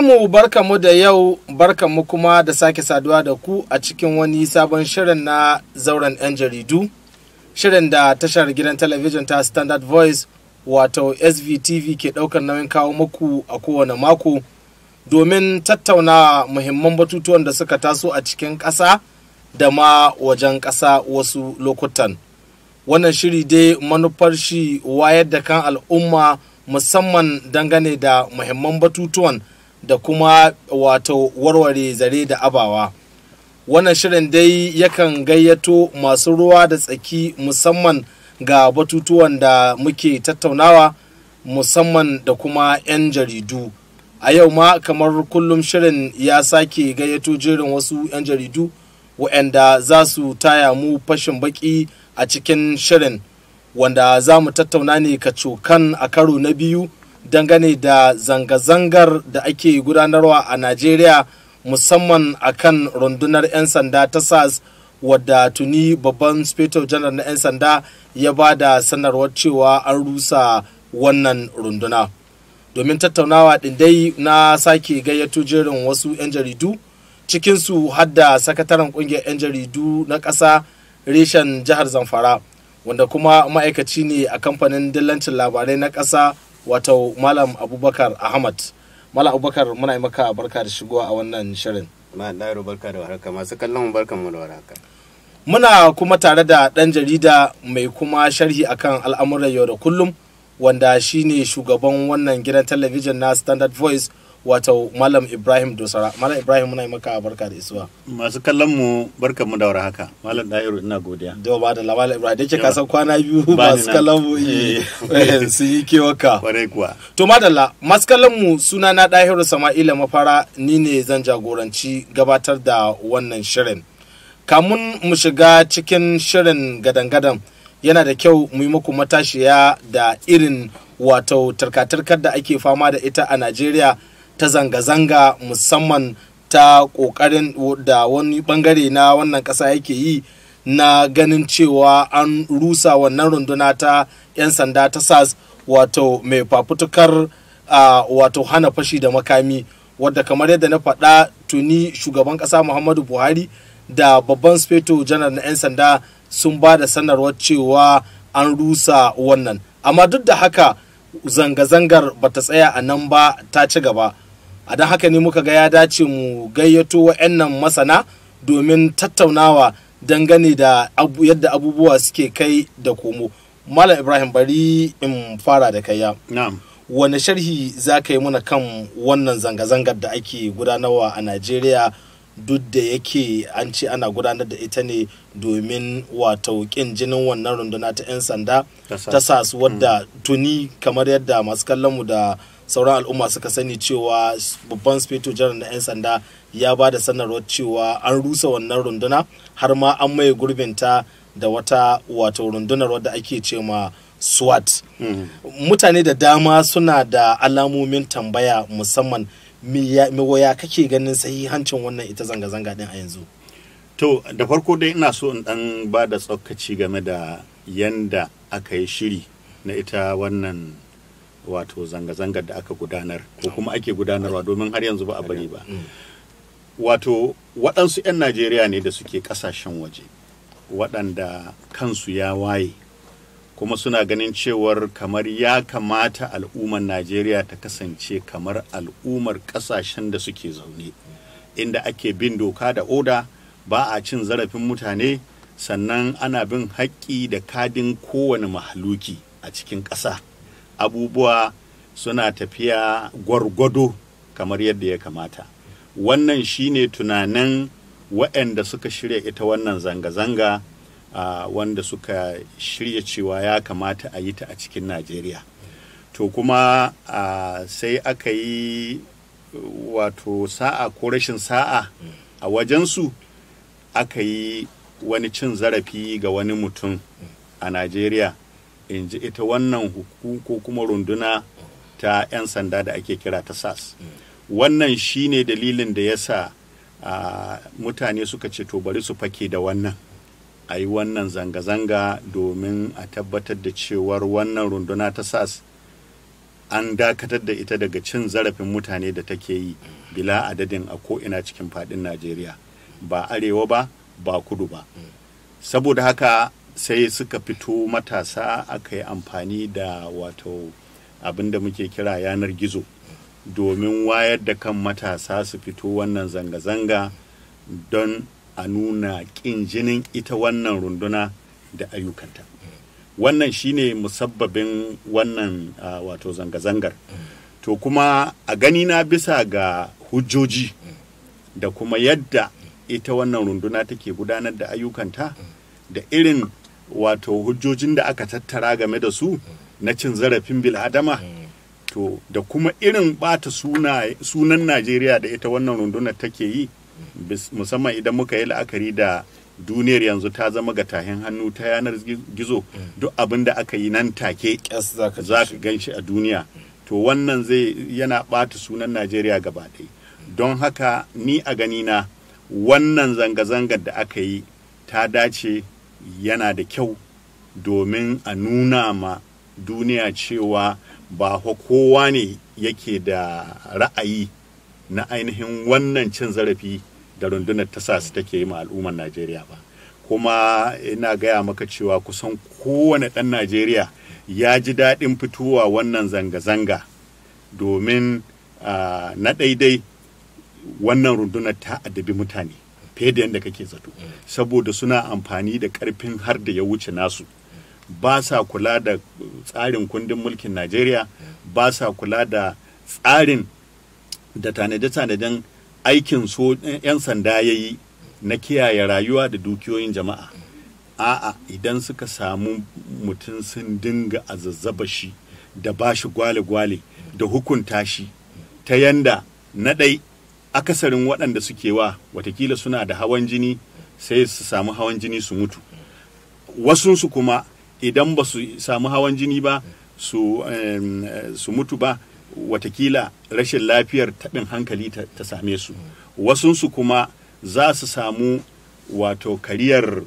mu barka mu da yau barka mu kuma da sake saduwa da ku a cikin wani sabon shirin na zauren 'yan jaridu shirin da tashar gidan talabijin ta standard voice wato svtv ke ɗaukar nauyin kawo muku a kowane mako domin tattauna muhimman batutuwan da suka taso a cikin ƙasa da ma wajen ƙasa wasu lokutan wannan shiri dai manufar shi wayar da kan al'umma musamman dangane da muhimman batutuwan da kuma wato warware zare da abawa wannan shirin dai yakan gayyato masu ruwa da tsaki musamman ga batutuwan da muke tattaunawa musamman da kuma 'yan jaridu a yau ma kamar kullum shirin ya sake gayyato jerin wasu 'yan jaridu waɗanda za su taya mu fashin baki a cikin shirin wanda za mu tattauna ne kacokan a karo na biyu dangane da zanga-zangar da ake gudanarwa a najeriya musamman a kan rundunar 'yan sanda ta sars wadda tuni babban speto janar na 'yan sanda ya ba da sanarwar cewa an rusa wannan runduna domin tattaunawa ɗin dai na sake gayyato jerin wasu 'yan jaridu cikinsu hadda sakataren ƙungiyar 'yan jaridu na ƙasa reshen jihar zamfara wanda kuma ma'aikaci ne a kamfanin dillancin labarai na ƙasa wato malam abubakar ahmad malam abubakar muna yi maka barka da shigowa a wannan shirin muna kuma tare da ɗan jarida mai kuma sharhi akan al'amuran yau da kullum wanda shine shugaban wannan gidan talabijin na standard voice wato malam ibrahim dosara malam ibrahim muna yi maka barka da isuwa masu kallon mu barka mu daura haka malam dairu ina godiya da ba da lamal ibrahim dace ka san kwana biyu masu kallon mu eh, eh. eh, su yi kewaka kuwa to madalla masu kallon mu suna na dairu sama'ila mafara ni ne zan jagoranci gabatar da wannan shirin kamun mu shiga cikin shirin gadan-gadan yana da kyau mu yi muku matashiya da irin wato tarkatarkar da ake fama da ita a najeriya ta zanga-zanga musamman ta kokarin da wani bangare na wannan kasa yake yi na ganin cewa an rusa wannan runduna ta 'yan sanda ta sas wato mai fafutukar wato hana fashi da makami wadda kamar yadda na faɗa tuni shugaban ƙasa muhammadu buhari da babban speto janar na 'yan sanda sun ba da sanarwar cewa an rusa wannan amma duk da haka zanga-zangar bata tsaya a nan ba ta ci gaba a don haka ne muka ga ya dace mu gayyato wa'annan masana domin tattaunawa dangane da yadda abubuwa suke kai da komo malam ibrahim bari in fara da kai ya wane sharhi za ka yi muna kan wannan zanga-zangar da ake gudanarwa a najeriya duk da yake an ce ana gudanar da ita ne domin wato kin jinin wannan runduna ta 'yan sanda ta sasu wadda hmm. tuni kamar yadda masu kallonmu da sauran al'umma suka sani cewa babban speto jiran da 'yan sanda ya ba da sanarwar cewa an rusa wannan runduna har ma an maye gurbinta da wata wato rundunar wadda ake ce ma swat hmm. mutane da dama suna da alamomin tambaya musamman me waya kake ganin sai hancin wannan ita zanga-zanga din a yanzu to da farko dai ina so in dan ba da tsokaci game da yanda aka yi shiri na ita wannan wato zanga-zangar da aka gudanar ko kuma ake gudanarwa domin har yanzu ba a bari ba mm. wato waɗansu 'yan najeriya ne da suke ƙasashen waje waɗanda kansu ya waye kuma suna ganin cewar kamar ya kamata al'ummar najeriya ta kasance kamar al'ummar ƙasashen da suke zaune inda ake bin doka da oda ba a cin zarafin mutane sannan ana bin haƙƙi da kadin kowane mahaluki a cikin ƙasa abubuwa suna tafiya gwargwado kamar yadda ya kamata wannan shine tunanin waɗanda suka shirya ita wannan zanga-zanga uh, wanda suka shirya cewa ya kamata a yi ta a cikin najeriya to kuma uh, sai aka yi wato sa'a ko rashin sa'a a wajensu aka yi wani cin zarafi ga wani mutum a najeriya in ji ita wannan huku ko kuma runduna ta 'yan sanda da ake kira ta sas wannan shine dalilin da ya sa mutane suka ce to bari su fake da wannan a yi wannan zanga-zanga domin a tabbatar da cewar wannan runduna ta sas an dakatar da ita daga cin zarafin mutane da take yi bila adadin a ko'ina cikin fadin najeriya ba arewa ba ba kudu ba mm. saboda haka sai suka fito matasa aka yi amfani da wato abin da muke kira yanar gizo domin wayar da kan matasa su fito wannan zanga-zanga don a nuna ƙin jinin ita wannan runduna da ayyukanta wannan shine musabbabin wannan wato zanga-zangar to kuma a gani na bisa ga hujjoji da kuma yadda ita wannan runduna take gudanar da ayyukanta da irin wato hujjojin da aka tattara game da su na cin zarafin bil'adama to da kuma irin bata sunan najeriya da ita wannan rundunar take yi musamman idan muka yi la'akari da duniyar yanzu ta zama ga tahin hannu ta yanar gizo duk abin da aka yi nan take za ka gan shi a duniya to wannan zai yana bata sunan najeriya gaba ɗaya don haka ni a ganina wannan zanga-zangar da aka yi ta dace yana da kyau domin a nuna ma duniya cewa ba kowa ne yake da ra'ayi na ainihin wannan cin zarafi da rundunar tasas take yi ma al'ummar najeriya ba kuma ina gaya maka cewa kusan kowane ɗan najeriya ya ji daɗin fitowa wannan zanga-zanga domin ah, na daidai wannan rundunar ta adabi mutane fiye da yadda kake zato mm. saboda suna amfani da karfin har da ya wuce nasu ba sa kula da tsarin kundin mulkin najeriya mm. ba sa kula da tsarin da tanade tanadin aikin so 'yan sanda ya yi na kiyaye rayuwa da dukiyoyin jama'a mm. a'a idan suka samu mutum sun dinga azazzaba shi da ba shi gwale-gwale da hukunta shi ta yanda na ɗai akasarin waɗanda suke wa watakila suna da hawan jini sai su samu hawan jini su mutu wasunsu kuma idan ba su samu hawan jini ba su, su mutu ba watakila rashin lafiyar taɓin hankali ta, same su wasunsu kuma za su samu wato kariyar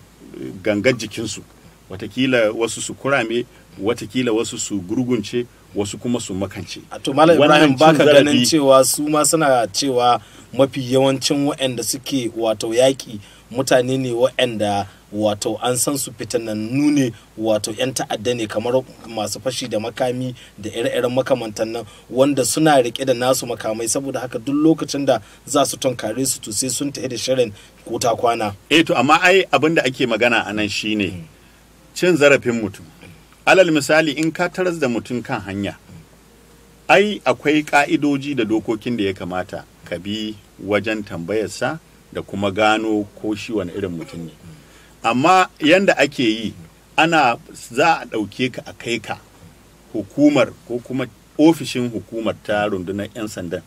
gangar jikinsu watakila wasu su kurame watakila wasu su gurgunce wasu kuma su makance. A to Malam Ibrahim baka ganin cewa su ma suna cewa mafi yawancin waɗanda suke wato yaƙi mutane ne waɗanda wato an san su fitanannu ne wato 'yan ta'adda ne kamar masu fashi da makami da ire-iren makamantan nan wanda suna rike da nasu makamai saboda haka duk lokacin da za su tunkare su to sai sun tafi da shirin ko kwana. Eh to amma ai abin da ake magana a nan shine mm. cin zarafin mutum. alal misali in ka taras da mutum kan hanya ai akwai ka'idoji da dokokin da ya kamata ka bi wajen tambayarsa da kuma gano ko shi wani irin mutum ne amma yanda ake yi ana za a ɗauke ka a kai ka hukumar ko kuma ofishin hukumar ta rundunar 'yan sandan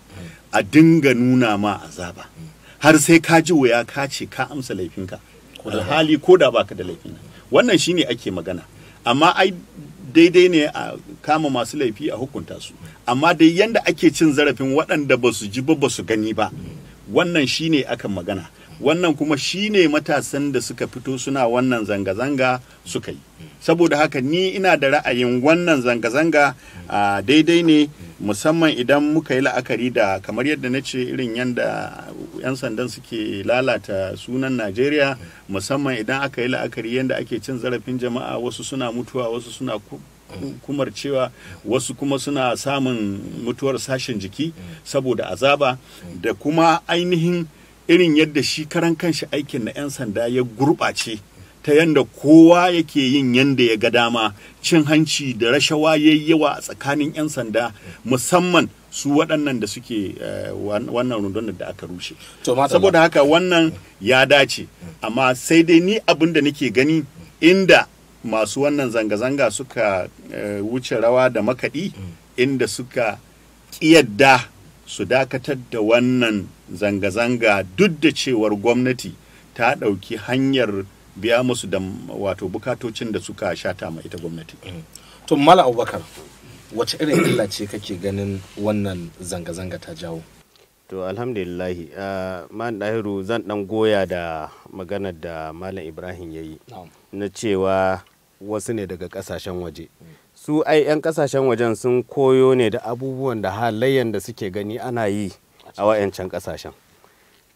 a dinga nuna ma azaba har sai ka ji wuya ka ce ka amsa laifinka alhali ko da baka da laifin wannan shi ne ake magana amma ai daidai ne a kama masu laifi a hukunta su amma dai yanda ake cin zarafin waɗanda ba su ji ba ba su gani ba wannan shine akan magana wannan kuma shine matasan da suka fito suna wannan zanga-zanga suka yi saboda haka ni ina da ra'ayin wannan zanga-zanga daidai ne musamman idan muka yi la'akari da kamar yadda na ce irin yadda 'yan sandan suke lalata sunan najeriya musamman idan aka yi la'akari yadda ake cin zarafin jama'a wasu suna mutuwa wasu suna kumar cewa wasu kuma suna samun mutuwar sashen jiki saboda azaba da kuma ainihin irin yadda shi karan kanshi aikin na 'yan sanda ya gurɓace ta yadda kowa yake yin yadda ya ga dama cin hanci da rashawa ya yawa a tsakanin 'yan sanda musamman su waɗannan da suke eh, wannan rundunar da aka rushe saboda haka wannan ya dace amma sai dai ni abin da nake gani inda masu wannan zanga-zanga suka eh, wuce rawa da makaɗi mm. inda suka ƙiyadda su dakatar da wannan zanga-zanga duk da cewar gwamnati ta ɗauki hanyar biya musu da wato bukatocin da suka shata ma ita gwamnati. Mm. To Mala Abubakar, wace irin illa ce kake ganin wannan zanga-zanga ta jawo? To alhamdulillahi, ah, man ɗahiru zan ɗan goya da maganar da Malam Ibrahim ya yi, na cewa wasu ne daga ƙasashen waje. Mm. su ai 'yan kasashen wajen sun koyo ne da abubuwan da halayen da suke gani ana yi a wayancan kasashen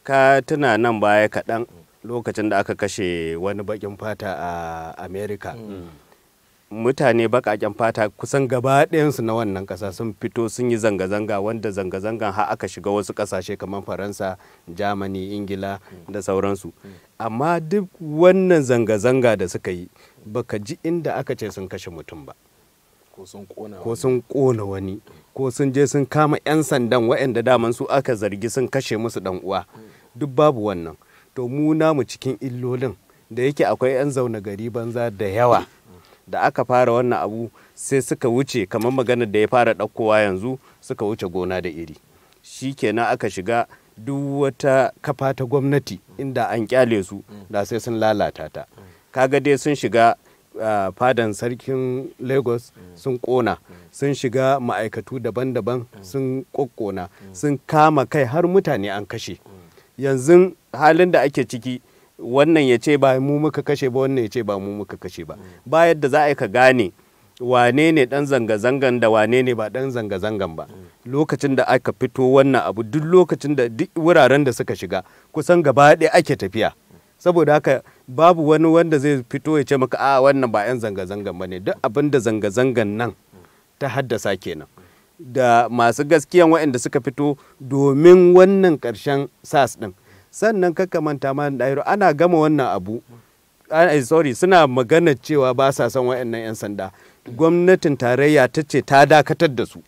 ka tuna nan baya kaɗan lokacin da aka kashe wani bakin fata a america mm. mutane baƙaƙen fata kusan gaba ɗayansu na wannan ƙasa sun fito sun yi zanga-zanga wanda zanga-zangan ha aka shiga wasu kasashe kamar faransa germany ingila mm. da sauransu mm. amma duk wannan zanga-zanga da suka yi baka ji inda aka ce sun kashe mutum ba ko sun kona wani ko sun je sun kama 'yan sandan waɗanda daman su aka zargi sun kashe musu dan uwa duk babu wannan to mu namu cikin illolin da yake akwai 'yan zaune gari banza da yawa da aka fara wannan abu sai suka wuce kamar maganar da ya fara ɗaukowa yanzu suka wuce gona da iri shi kenan aka shiga duk wata kafa ta gwamnati inda an kyale su da sai sun lalata ta kaga dai sun shiga fadan sarkin lagos sun kona sun shiga ma'aikatu daban-daban sun kokkona sun kama kai har mutane an kashe yanzu halin da ake ciki wannan ya ce ba mu muka kashe ba wannan ya ce ba mu muka kashe ba ba yadda za a ka gane wane ne dan zanga-zangan da wane ne ba dan zanga-zangan ba lokacin da aka fito wannan abu duk lokacin da duk wuraren da suka shiga kusan gaba ɗaya ake tafiya saboda haka babu wani wanda zai fito ya ce maka a ah, wannan ba 'yan zanga-zangan ba ne duk abin da zanga-zangan nan ta haddasa kenan da masu gaskiya waɗanda suka fito domin wannan karshen sas ɗin sannan kakamanta ma ɗairo ana gama wannan abu eh, sorry suna magana cewa ba sa son waɗannan 'yan sanda gwamnatin tarayya ta ce ta dakatar da su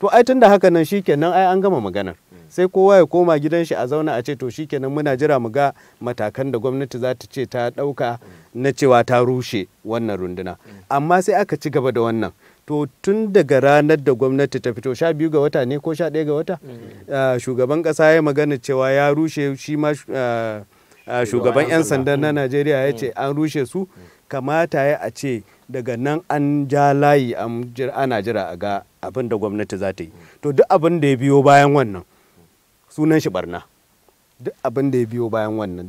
to ai tun da haka nan shikenan ai an gama maganar sai kowa ya koma gidan shi a zauna a ce to shikenan muna jira mu ga matakan da gwamnati za ta ce ta ɗauka na cewa ta rushe wannan runduna amma sai aka ci gaba da wannan to tun daga ranar da gwamnati ta fito sha biyu ga wata ne ko sha ɗaya ga wata mm. ah, shugaban ƙasa ya magana cewa ya rushe shi ma ah, ah, shugaban 'yan sanda na mm. najeriya ya ce an rushe su kamata ya a ce daga nan an ja layi ana jira a ga abin da gwamnati za ta yi to duk abin da ya biyo bayan wannan sunan shi barna duk abin da ya biyo bayan wannan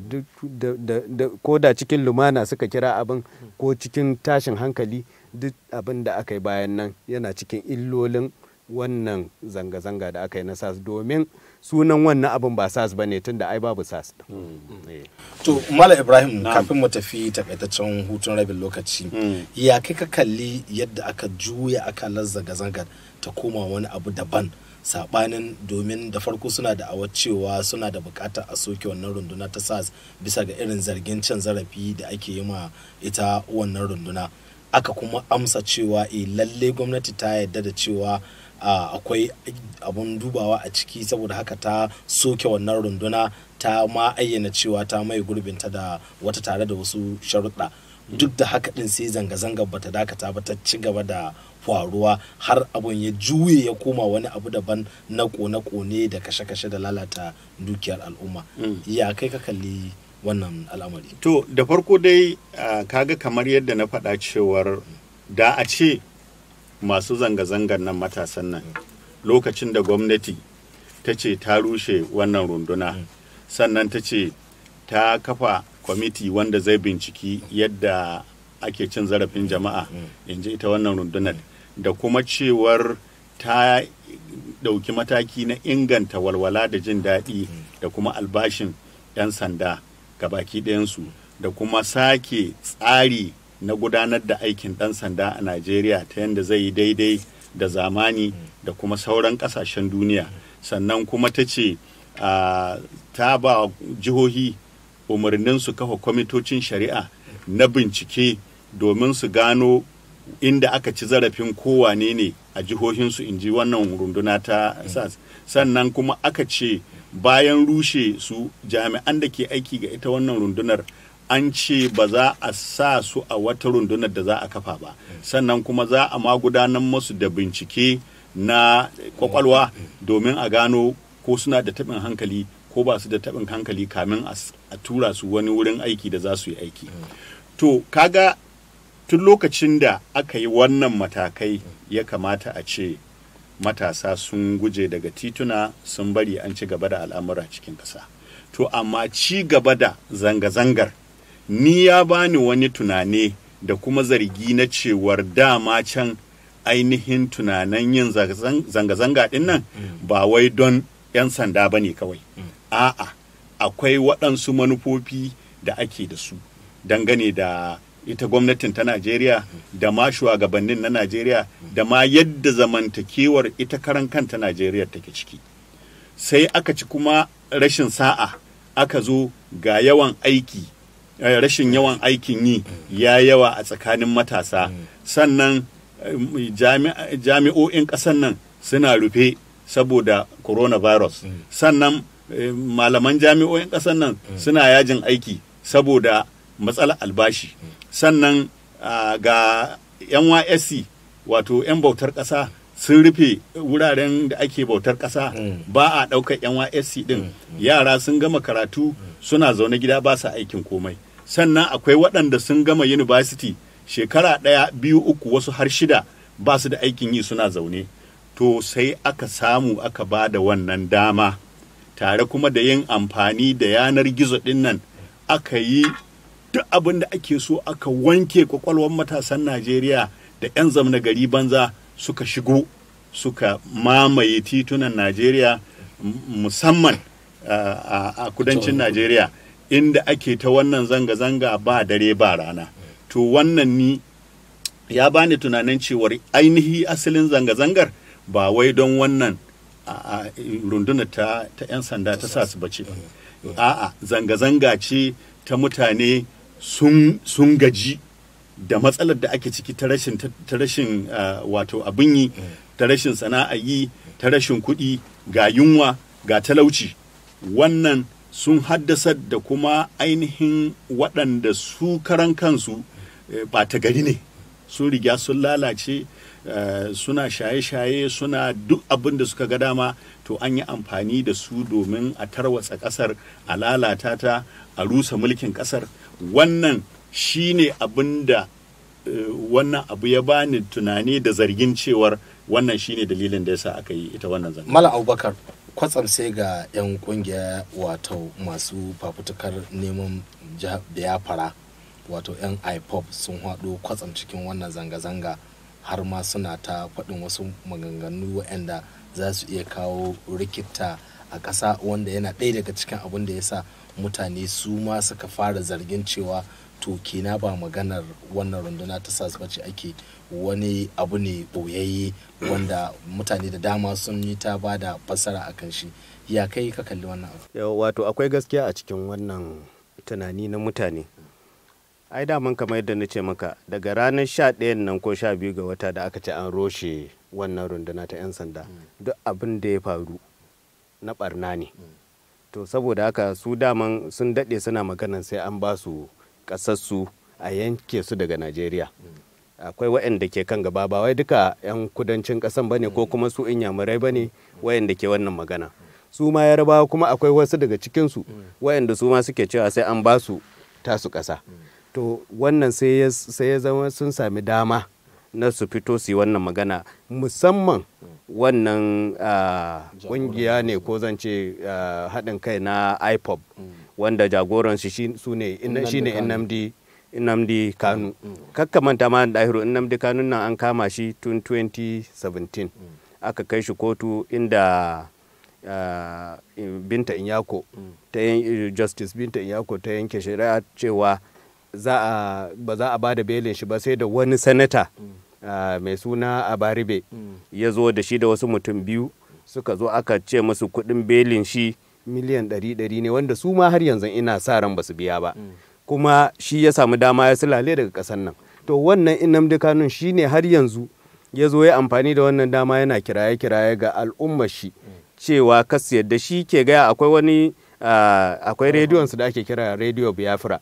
ko da cikin lumana suka kira abin ko cikin tashin hankali duk abin da aka yi bayan nan yana cikin illolin wannan zanga-zanga da aka yi na sas domin sunan wannan abin ba sas ba ne tun da ai babu sas hmm. hmm. eh. to mala ibrahim kafin mu tafi takaitaccen hutun rabin lokaci hmm. ya kai ka kalli yadda aka juya akalar zanga-zangar ta koma wani abu daban sabanin domin da farko suna da awa cewa suna da bukata a soke wannan runduna ta sas bisa ga irin zargin cin zarafi da ake yi ma ita wannan runduna aka kuma amsa cewa e lalle gwamnati ta yadda da cewa akwai abun dubawa a ciki saboda haka ta soke wannan runduna ta ma ayyana cewa ta mai gurbinta da wata tare da wasu sharuɗa duk da haka din sai zanga-zangar bata dakata ba ta ci gaba da faruwa har abun ya juye ya koma wani abu daban na kone-kone da kashe-kashe da lalata dukiyar al'umma mm. ya kai ka kalli wannan al'amari to da farko dai kaga kamar yadda na faɗa cewar da a ce masu zanga-zangar nan matasan nan mm. lokacin da gwamnati ta ce ta rushe wannan runduna mm. sannan ta ce ta kafa kwamiti wanda zai binciki yadda ake cin zarafin jama'a in ji ita wannan rundunar da kuma cewar ta ɗauki mataki na inganta walwala da jin daɗi da kuma albashin 'yan sanda ga baki ɗayansu da kuma sake tsari na gudanar da aikin ɗan sanda a najeriya ta yadda zai yi daidai da zamani da kuma sauran ƙasashen duniya sannan kuma ta ce ta ba jihohi umarnin su kafa kwamitocin shari'a na bincike domin su gano inda aka ci zarafin kowane ne a jihohinsu in ji wannan runduna ta sas sannan kuma aka ce bayan rushe su jami'an da ke aiki ga ita wannan rundunar an ce ba za a sa su a wata rundunar da za a kafa ba sannan kuma za a ma gudanar masu da bincike na kwakwalwa domin a gano ko suna da taɓin hankali ko ba su da taɓin hankali kamin a tura su wani wurin aiki da za su yi aiki to kaga tun lokacin da aka yi wannan matakai ya kamata a ce matasa sun guje daga tituna sun bari an ci gaba da al'amura cikin ƙasa to amma ci gaba da zanga-zangar ni ya bani wani tunane da kuma zargi na cewar dama can ainihin tunanan yin zanga-zanga ɗin nan mm. ba wai don 'yan sanda ba ne kawai mm. a'a akwai waɗansu manufofi da ake da su dangane da ita gwamnatin ta najeriya da ma shugabannin na najeriya da ma yadda zamantakewar ita karan kanta najeriya take ciki sai aka ci kuma rashin sa'a aka zo ga yawan aiki eh, rashin yawan aikin yi ya yawa a tsakanin matasa sannan eh, jami'o'in ƙasan nan suna rufe saboda coronavirus mm. sannan eh, malaman jami'o'in ƙasan nan mm. suna yajin aiki saboda matsala albashi sannan ga nysc wato 'yan bautar ƙasa sun rufe wuraren da ake bautar ƙasa mm. ba a ɗaukar nysc ɗin mm. yara sun gama karatu suna zaune gida ba sa aikin komai sannan akwai waɗanda sun gama university shekara ɗaya biyu uku wasu har shida ba su da aikin yi suna zaune to sai aka samu aka ba da wannan dama tare kuma da yin amfani da yanar gizo ɗin aka yi duk abin da ake so aka wanke kwakwalwar matasan najeriya da 'yan na gari banza suka shigo suka mamaye titunan najeriya musamman a kudancin najeriya inda ake ta wannan zanga-zanga ba dare ba rana to wannan ni ya bani tunanin cewar ainihi asalin zanga-zangar ba wai don wannan rundunar ta 'yan sanda ta sa su bace a'a zanga-zanga ce ta mutane sun gaji da matsalar da ake ciki ta rashin ta rashin uh, wato abin yi ta rashin sana'a yi ta rashin kuɗi ga yunwa ga talauci wannan sun haddasar da kuma ainihin waɗanda su karan kansu ba eh, ta gari ne sun riga sun lalace eh, suna shaye-shaye suna duk abin da suka ga dama to an yi amfani da su domin a tarwatsa ƙasar a lalata ta a rusa mulkin ƙasar wannan shi ne abin da eh, wannan abu ya bani tunani da zargin cewar wannan shi ne dalilin da ya sa aka yi ita wannan zanga mala abubakar kwatsam sai ga 'yan kungiya wato masu fafutukar neman fara wato 'yan ipop sun haɗu kwatsam cikin wannan zanga-zanga har ma suna ta faɗin wasu maganganu waɗanda za su iya kawo rikita a ƙasa wanda yana ɗaya daga cikin abin da ya sa mutane su ma suka fara zargin cewa to kina ba maganar wannan runduna ta sas bace ake wani abu ne boyayye wanda mutane da dama sun yi ta ba da fassara kan shi ya kai ka kalli wannan abu wato akwai gaskiya a cikin wannan tunani na mutane ai da mun kamar yadda na ce maka daga ranar sha ɗayan nan ko sha biyu ga wata da aka ce an roshe wannan runduna ta 'yan sanda mm. duk abin da ya faru na barna ne mm. to saboda haka su daman sun daɗe suna magana sai an ba su ƙasarsu a yanke su daga najeriya akwai waɗanda ke kan gaba ba wai duka 'yan kudancin ƙasan ba ne ko kuma su inyamurai ba ne waɗanda ke wannan magana su ma yarabawa kuma akwai wasu daga cikinsu waɗanda su ma suke cewa sai an ba su tasu ƙasa to wannan sai ya zama sun sami dama na su fito su yi wannan magana musamman wannan kungiya ah, ne ko zan ce ah, haɗin kai na ipob mm. wanda jagoran shi su ne shine nnamdi nnamdi kanu mm. mm. kakkamanta ma dahiru nnamdi kanun nan an kama shi tun 2017 aka kai shi kotu inda ah, binta inyako ta ta justice binta inyako ta yanke shari'a cewa ba za a ba da belin shi ba sai da wani sanata Eh, mai suna abaribe mm. ya zo da shi da wasu mutum biyu suka zo aka ce musu kuɗin belin shi miliyan ɗari ɗari ne wanda su ma har yanzu ina sa ran basu biya ba mm. kuma shi ya samu dama ya sulale daga ƙasar nan to wannan inam kanun shi ne har yanzu ya zo ya amfani da wannan dama yana kiraye kiraye ga al'ummar shi mm. cewa kas yadda shi ke gaya akwai wani eh, akwai su da ake kira rediyo biafra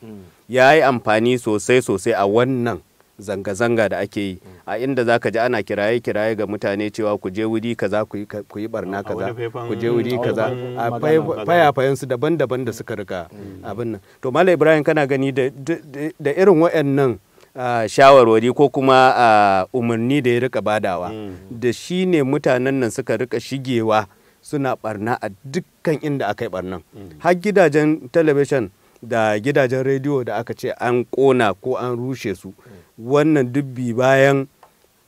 ya yi amfani sosai sosai a wannan zanga-zanga da ake yi a inda zaka ji ana kiraye-kiraye ga mutane cewa ku je wuri kaza ku yi barna kaza ku je wuri kaza a fayafayen su daban-daban da suka rika mm. abin nan to malam ibrahim kana gani da irin waɗannan shawarwari ko kuma umarni da ya rika badawa mm. da shi ne mutanen nan suka rika shigewa suna barna a dukkan inda aka yi barnan mm. har gidajen talabishin da gidajen rediyo da aka ce an kona ko an rushe su wannan dubbi bayan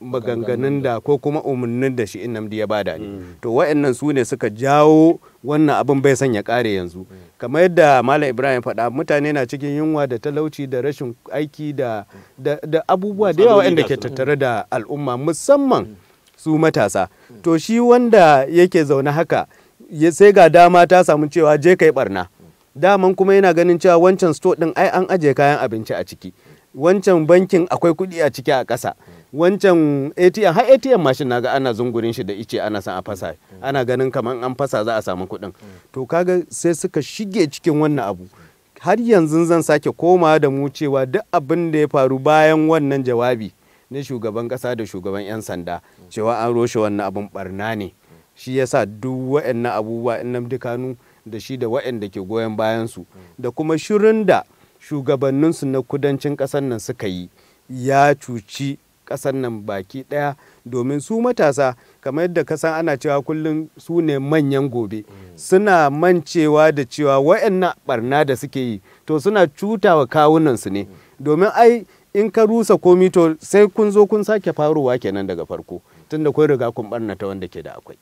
maganganun da ko kuma umarnin da shi namdi ya bada ne mm. to wa'annan su ne suka jawo wannan abin bai sanya kare yanzu mm. kamar yadda malam ibrahim faɗa mutane na cikin yunwa da talauci da rashin aiki da abubuwa da yawa wa'anda ke tattare da al'umma musamman su matasa to shi wanda yake zaune haka sai ga dama ta samu cewa je kai barna daman kuma yana ganin cewa wancan store din ai an ajiye kayan abinci a ciki wancan bankin akwai kuɗi a ciki a ƙasa wancan atm har atm mashin naga ana zungurin shi da ice ana san a fasa ana ganin kamar an fasa za a samu kuɗin to kaga sai suka shige cikin wannan abu har yanzu zan sake koma da mu cewa duk abin da ya faru bayan wannan jawabi na shugaban kasa da shugaban 'yan sanda cewa an roshe wannan abun barna ne shi yasa duk waɗannan abubuwa in na dukanu da shi da waɗanda ke goyon bayansu da kuma shirin da shugabanninsu na kudancin ƙasar nan suka yi ya cuci ƙasar nan baki ɗaya domin su matasa kamar yadda kasan ana cewa kullum su ne manyan gobe suna mancewa da cewa waɗannan barna da suke yi to suna cutawa kawunansu ne domin ai in ka rusa komi to sai kun zo kun sake faruwa kenan daga farko tunda kun riga kun barna ta wanda ke da akwai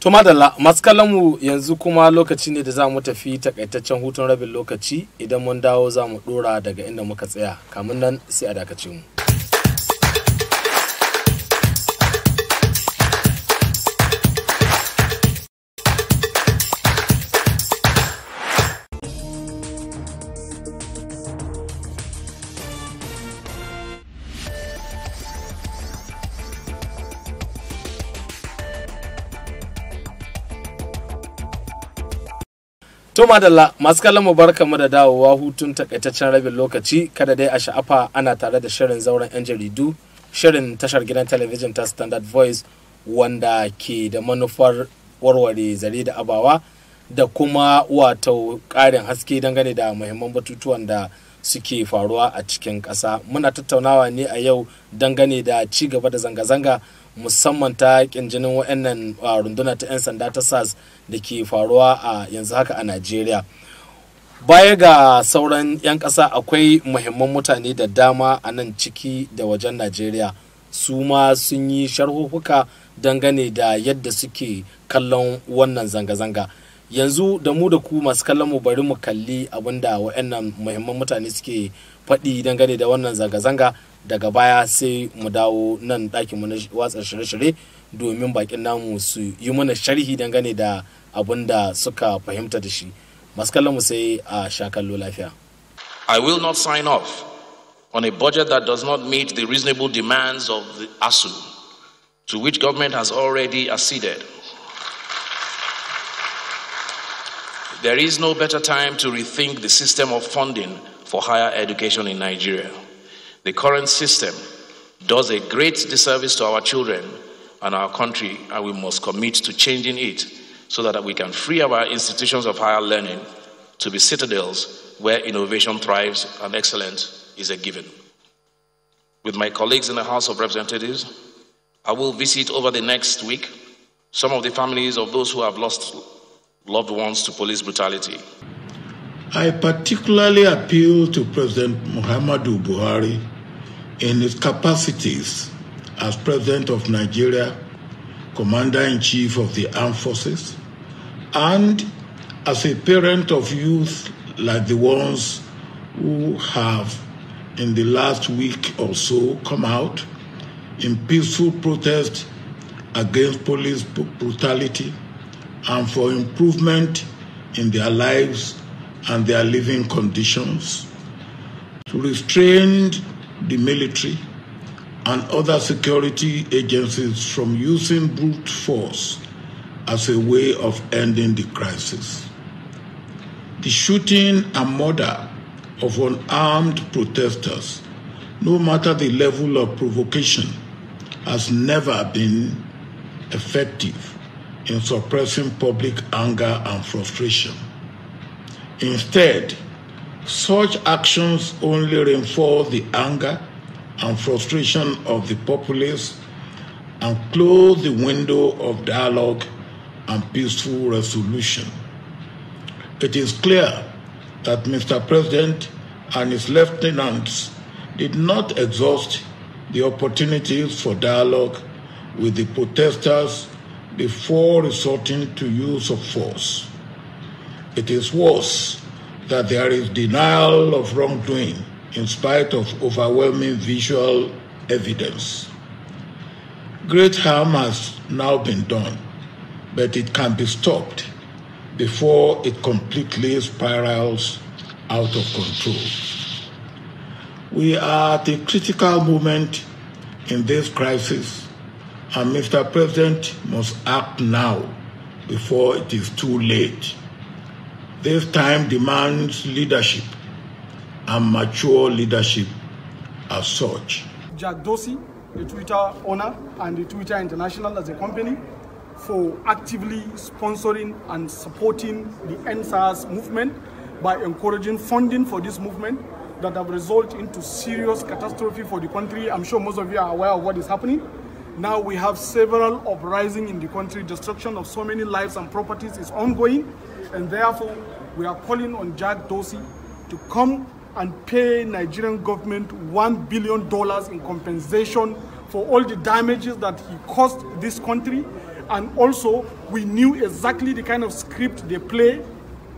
To madalla masu yanzu kuma lokaci ne da za mu tafi takaitaccen hutun rabin lokaci idan mun dawo za mu dora daga inda muka tsaya kamun nan sai a dakace mu. To madalla masu kallon mu barka mu da dawowa hutun takaitaccen rabin lokaci kada dai a sha'afa ana tare da shirin zauren 'yan jaridu shirin tashar gidan talabijin ta Standard Voice wanda ke da manufar warware zare da abawa da kuma wato ƙarin haske dangane da muhimman batutuwan da suke faruwa a cikin ƙasa. Muna tattaunawa ne a yau dangane da ci gaba da zanga-zanga musamman ta kin jinin wa'annan runduna ta 'yan sanda ta sas da ke faruwa a yanzu haka a najeriya baya ga sauran 'yan ƙasa akwai muhimman mutane da dama a nan ciki da wajen najeriya su ma sun yi sharhuhuka dangane da yadda suke kallon wannan zanga-zanga yanzu da mu da ku masu kallon mu bari mu kalli abin da muhimman mutane suke faɗi dangane da wannan zanga-zanga daga baya sai mu dawo nan na watsa shirye-shirye domin bakin namu su yi mana sharhi dangane da abin da suka fahimta da shi masu kallon mu sai a lafiya I will not sign off on a budget that does not meet the reasonable demands of the ASU to which government has already acceded. There is no better time to rethink the system of funding for higher education in Nigeria. The current system does a great disservice to our children and our country, and we must commit to changing it so that we can free our institutions of higher learning to be citadels where innovation thrives and excellence is a given. With my colleagues in the House of Representatives, I will visit over the next week some of the families of those who have lost loved ones to police brutality. I particularly appeal to President Muhammadu Buhari in his capacities as President of Nigeria, Commander in Chief of the Armed Forces, and as a parent of youth like the ones who have in the last week or so come out in peaceful protest against police brutality and for improvement in their lives and their living conditions, to restrain the military and other security agencies from using brute force as a way of ending the crisis. The shooting and murder of unarmed protesters, no matter the level of provocation, has never been effective in suppressing public anger and frustration. Instead, such actions only reinforce the anger and frustration of the populace and close the window of dialogue and peaceful resolution. It is clear that Mr. President and his lieutenants did not exhaust the opportunities for dialogue with the protesters before resorting to use of force. It is worse that there is denial of wrongdoing in spite of overwhelming visual evidence. Great harm has now been done, but it can be stopped before it completely spirals out of control. We are at a critical moment in this crisis and Mr. President must act now before it is too late. This time demands leadership and mature leadership as such. Jack Dorsey, the Twitter owner and the Twitter International as a company, for actively sponsoring and supporting the NSAS movement by encouraging funding for this movement that have resulted into serious catastrophe for the country. I'm sure most of you are aware of what is happening. Now we have several uprising in the country. Destruction of so many lives and properties is ongoing. And therefore, we are calling on Jack Dorsey to come and pay Nigerian government $1 billion in compensation for all the damages that he caused this country. And also, we knew exactly the kind of script they play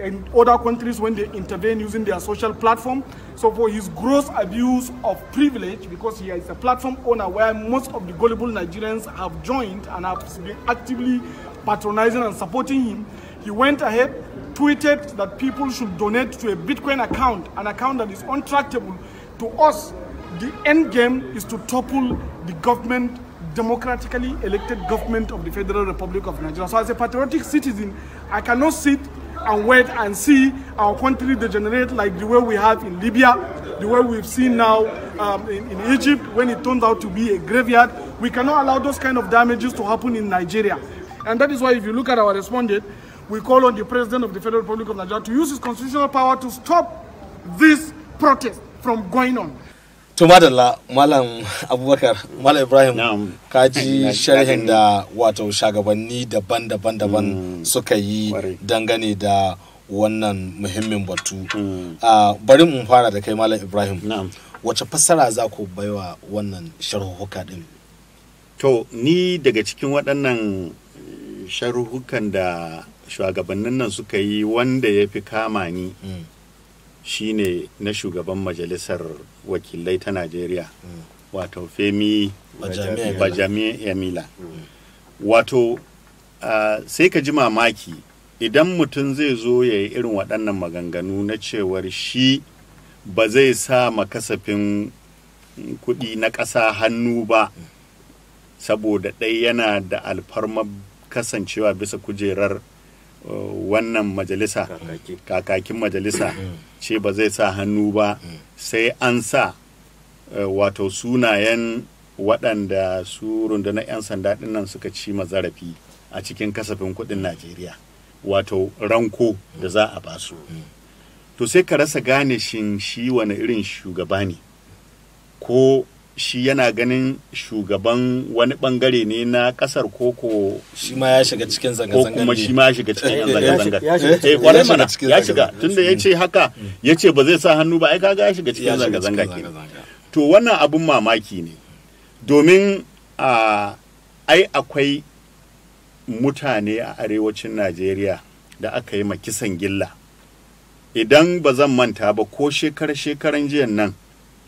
and other countries when they intervene using their social platform. So for his gross abuse of privilege, because he is a platform owner where most of the gullible Nigerians have joined and have been actively patronizing and supporting him, he went ahead, tweeted that people should donate to a Bitcoin account, an account that is untractable. To us, the end game is to topple the government democratically elected government of the Federal Republic of Nigeria. So as a patriotic citizen, I cannot sit and wait and see our country degenerate like the way we have in Libya, the way we've seen now um, in, in Egypt when it turns out to be a graveyard. We cannot allow those kind of damages to happen in Nigeria. And that is why if you look at our respondent, we call on the President of the Federal Republic of Nigeria to use his constitutional power to stop this protest from going on. to malam abubakar malam ibrahim ka ji sharhin da wato shagabanni daban-daban daban mm. suka yi dangane da wannan muhimmin batu mm. ah, bari mu fara da kai malam ibrahim wace fassara za ku baiwa wannan sharhuka din to ni daga cikin waɗannan sharhukan da shugabannin nan suka yi wanda ya fi kama ni mm. shine na shugaban majalisar wakilai ta najeriya hmm. wato femi bajami yamila wato sai ka ji mamaki idan mutum zai zo ya yi irin waɗannan maganganu na cewar shi ba zai sa makasafin kuɗi na ƙasa hannu ba saboda ɗaya yana da alfarmar kasancewa bisa kujerar wannan majalisa kakakin majalisa ce mm. ba zai sa hannu ba mm. sai an sa eh, wato sunayen waɗanda su rundunar 'yan sanda ɗinnan suka ci zarafi a cikin kasafin kuɗin najeriya wato ranko da za a ba su mm. to sai ka rasa gane shi wani irin shugaba ne ko shi yana ganin shugaban wani bangare ne na kasar koko shi ma ya shiga cikin zanga-zanga kuma shi ma ya shiga cikin zanga-zanga eh kwarai mana ya shiga tunda ya ce haka mm. ya ce ba zai sa hannu ba ai kaga ya shiga cikin zanga-zanga ke to wannan abun mamaki ne domin ai akwai mutane a arewacin najeriya da aka yi kisan gilla idan ba zan manta ba ko shekar shekaran jiyan nan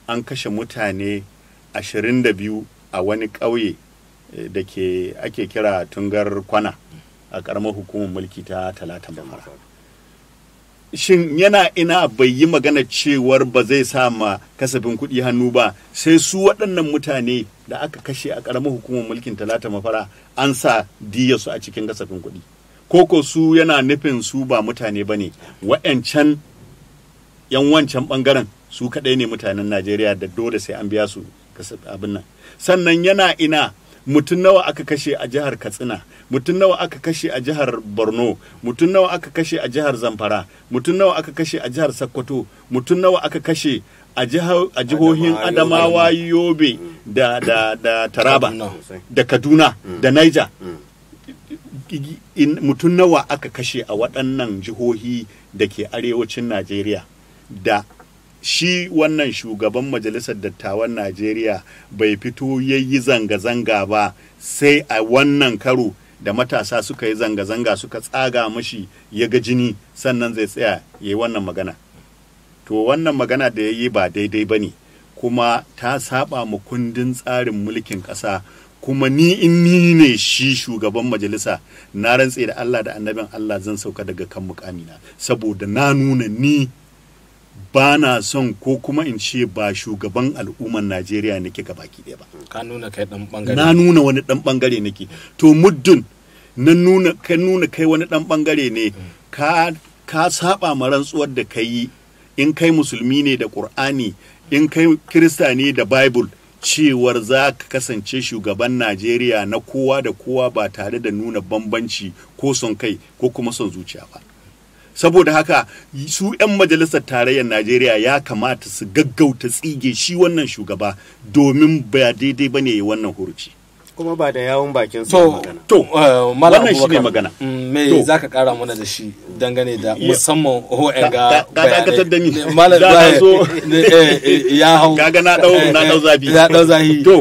an kashe mutane ashirin da biyu a wani ƙauye eh, da ke ake kira tungar kwana a ƙaramar hukumar mulki ta talatan bambara shin yana ina bai yi magana cewar ba zai sa ma kasafin kuɗi hannu ba sai su waɗannan mutane da aka kashe a ƙaramar hukumar mulkin talata mafara an sa diya su a cikin kasafin kuɗi koko su yana nufin su ba mutane ba ne wa'yancan yan wancan ɓangaren su kaɗai ne mutanen najeriya da dole sai an biya su abin nan sannan yana ina mutum nawa aka kashe a jihar katsina mutum nawa aka kashe a jihar borno mutum nawa aka kashe a jihar zamfara mutum nawa aka kashe a jihar sokoto mutum nawa aka kashe a jihohin adamawa yobe da, da, da taraba da kaduna mm. da niger mm. mutum nawa aka kashe a waɗannan jihohi da ke arewacin najeriya da shi wannan shugaban majalisar dattawan najeriya bai fito ya yi zanga-zanga ba sai a wannan karo da matasa suka yi zanga-zanga suka tsaga mashi ya ga jini sannan zai tsaya ya yi wannan magana to wannan magana da ya yi ba daidai ba ne kuma ta saba mu kundin tsarin mulkin ƙasa kuma ni in ni ne shi shugaban majalisa na rantse da Allah da annabin Allah zan sauka daga kan mukamina saboda na nuna ni ba na son ko kuma in ce ba shugaban al'ummar najeriya nake ga baki ɗaya ba ka nuna kai dan bangare na nuna wani dan bangare nake to muddin na nuna ka nuna kai wani dan bangare ne mm. ka ka saba ma rantsuwar da ka yi in kai musulmi ne da qur'ani in kai kirista ne da bible cewar za ka kasance shugaban najeriya na kowa da kowa ba tare da nuna bambanci ko son kai ko kuma son zuciya ba saboda haka su 'yan majalisar tarayyar najeriya ya kamata su gaggauta tsige shi wannan shugaba domin ba daidai ba ne wannan huruci kuma ba da yawun bakin su magana to eh, wannan shine magana mm, me zaka kara mana da shi dangane da musamman ho'en eh, ga ga dakatar da ni malam eh, ya hau kaga na dau na dau zabi ya dau zahi to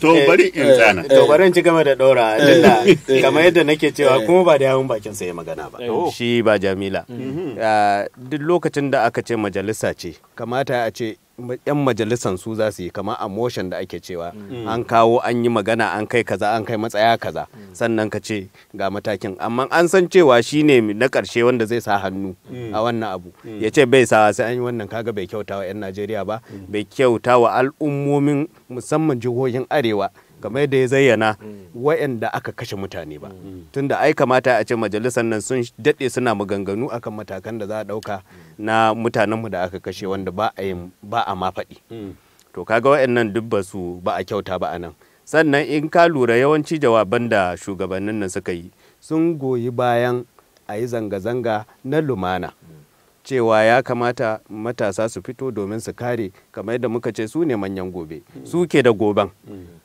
to bari in tsana to bari in ci gaba da daura lalla kamar yadda nake cewa kuma ba da yawun bakin sa ya magana ba shi ba Jamila mhm. ah, duk lokacin da aka ce majalisa ce kamata a ce yan majalisan su za su yi kama a motion da ake cewa mm. Mm. an kawo an yi magana an kai kaza an kai matsaya kaza mm. sannan ka ce ga matakin amma an san cewa shi ne na karshe wanda zai sa hannu a wannan abu ya ce bai sa sai an yi wannan kaga bai kyauta wa 'yan najeriya ba bai kyauta wa al'ummomin musamman jihohin arewa kamar yadda ya zayyana mm. wayanda aka kashe mutane ba mm. tunda ai kamata a ce majalisar nan sun daɗe suna maganganu akan matakan da za a ɗauka mm. na mutanenmu da aka kashe wanda ba a yin ba a ma faɗi to kaga waɗannan duk ba su ba a kyauta ba anan sannan in ka lura yawanci jawaban da shugabannin nan suka yi sun goyi bayan a yi zanga-zanga na lumana cewa ya kamata matasa su fito domin su kare kamar yadda muka ce su ne manyan gobe su ke da goben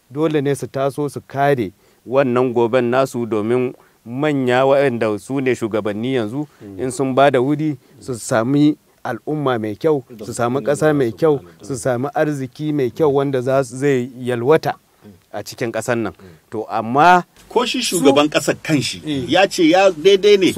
dole ne su taso su kare wannan goben nasu domin manya waɗanda su ne shugabanni yanzu mm. in sun ba da wuri su sami al'umma mai kyau su sami ƙasa mai kyau su sami arziki mai kyau wanda zai yalwata mm. a cikin ƙasar nan mm. to amma ko shi shugaban ƙasar kanshi mm. ya ce ya daidai ne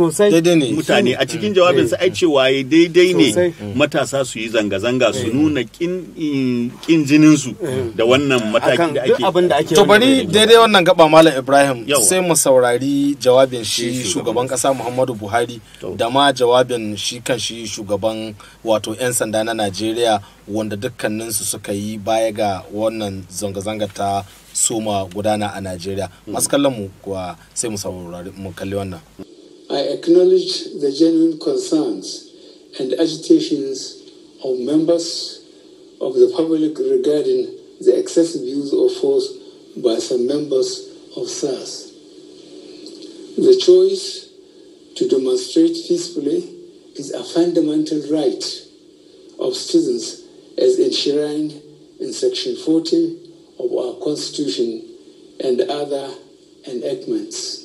mutane a cikin mm. jawabinsa ai cewa ya daidai ne matasa su yi zanga-zanga su nuna ƙin jininsu da wannan mataki da ake to bari daidai wannan gaba malam ibrahim sai mu saurari jawabin shi shugaban ƙasa muhammadu buhari da ma jawabin shi kan shi shugaban wato 'yan sanda na najeriya wanda dukkaninsu suka yi baya ga wannan zanga-zanga ta su gudana a najeriya masu kallon mu kuwa sai mu saurari mu kalli wannan i acknowledge the genuine concerns and agitations of members of the public regarding the excessive use of force by some members of SARS. The choice to demonstrate peacefully is a fundamental right of citizens as enshrined in Section 40 of our constitution and other enactments.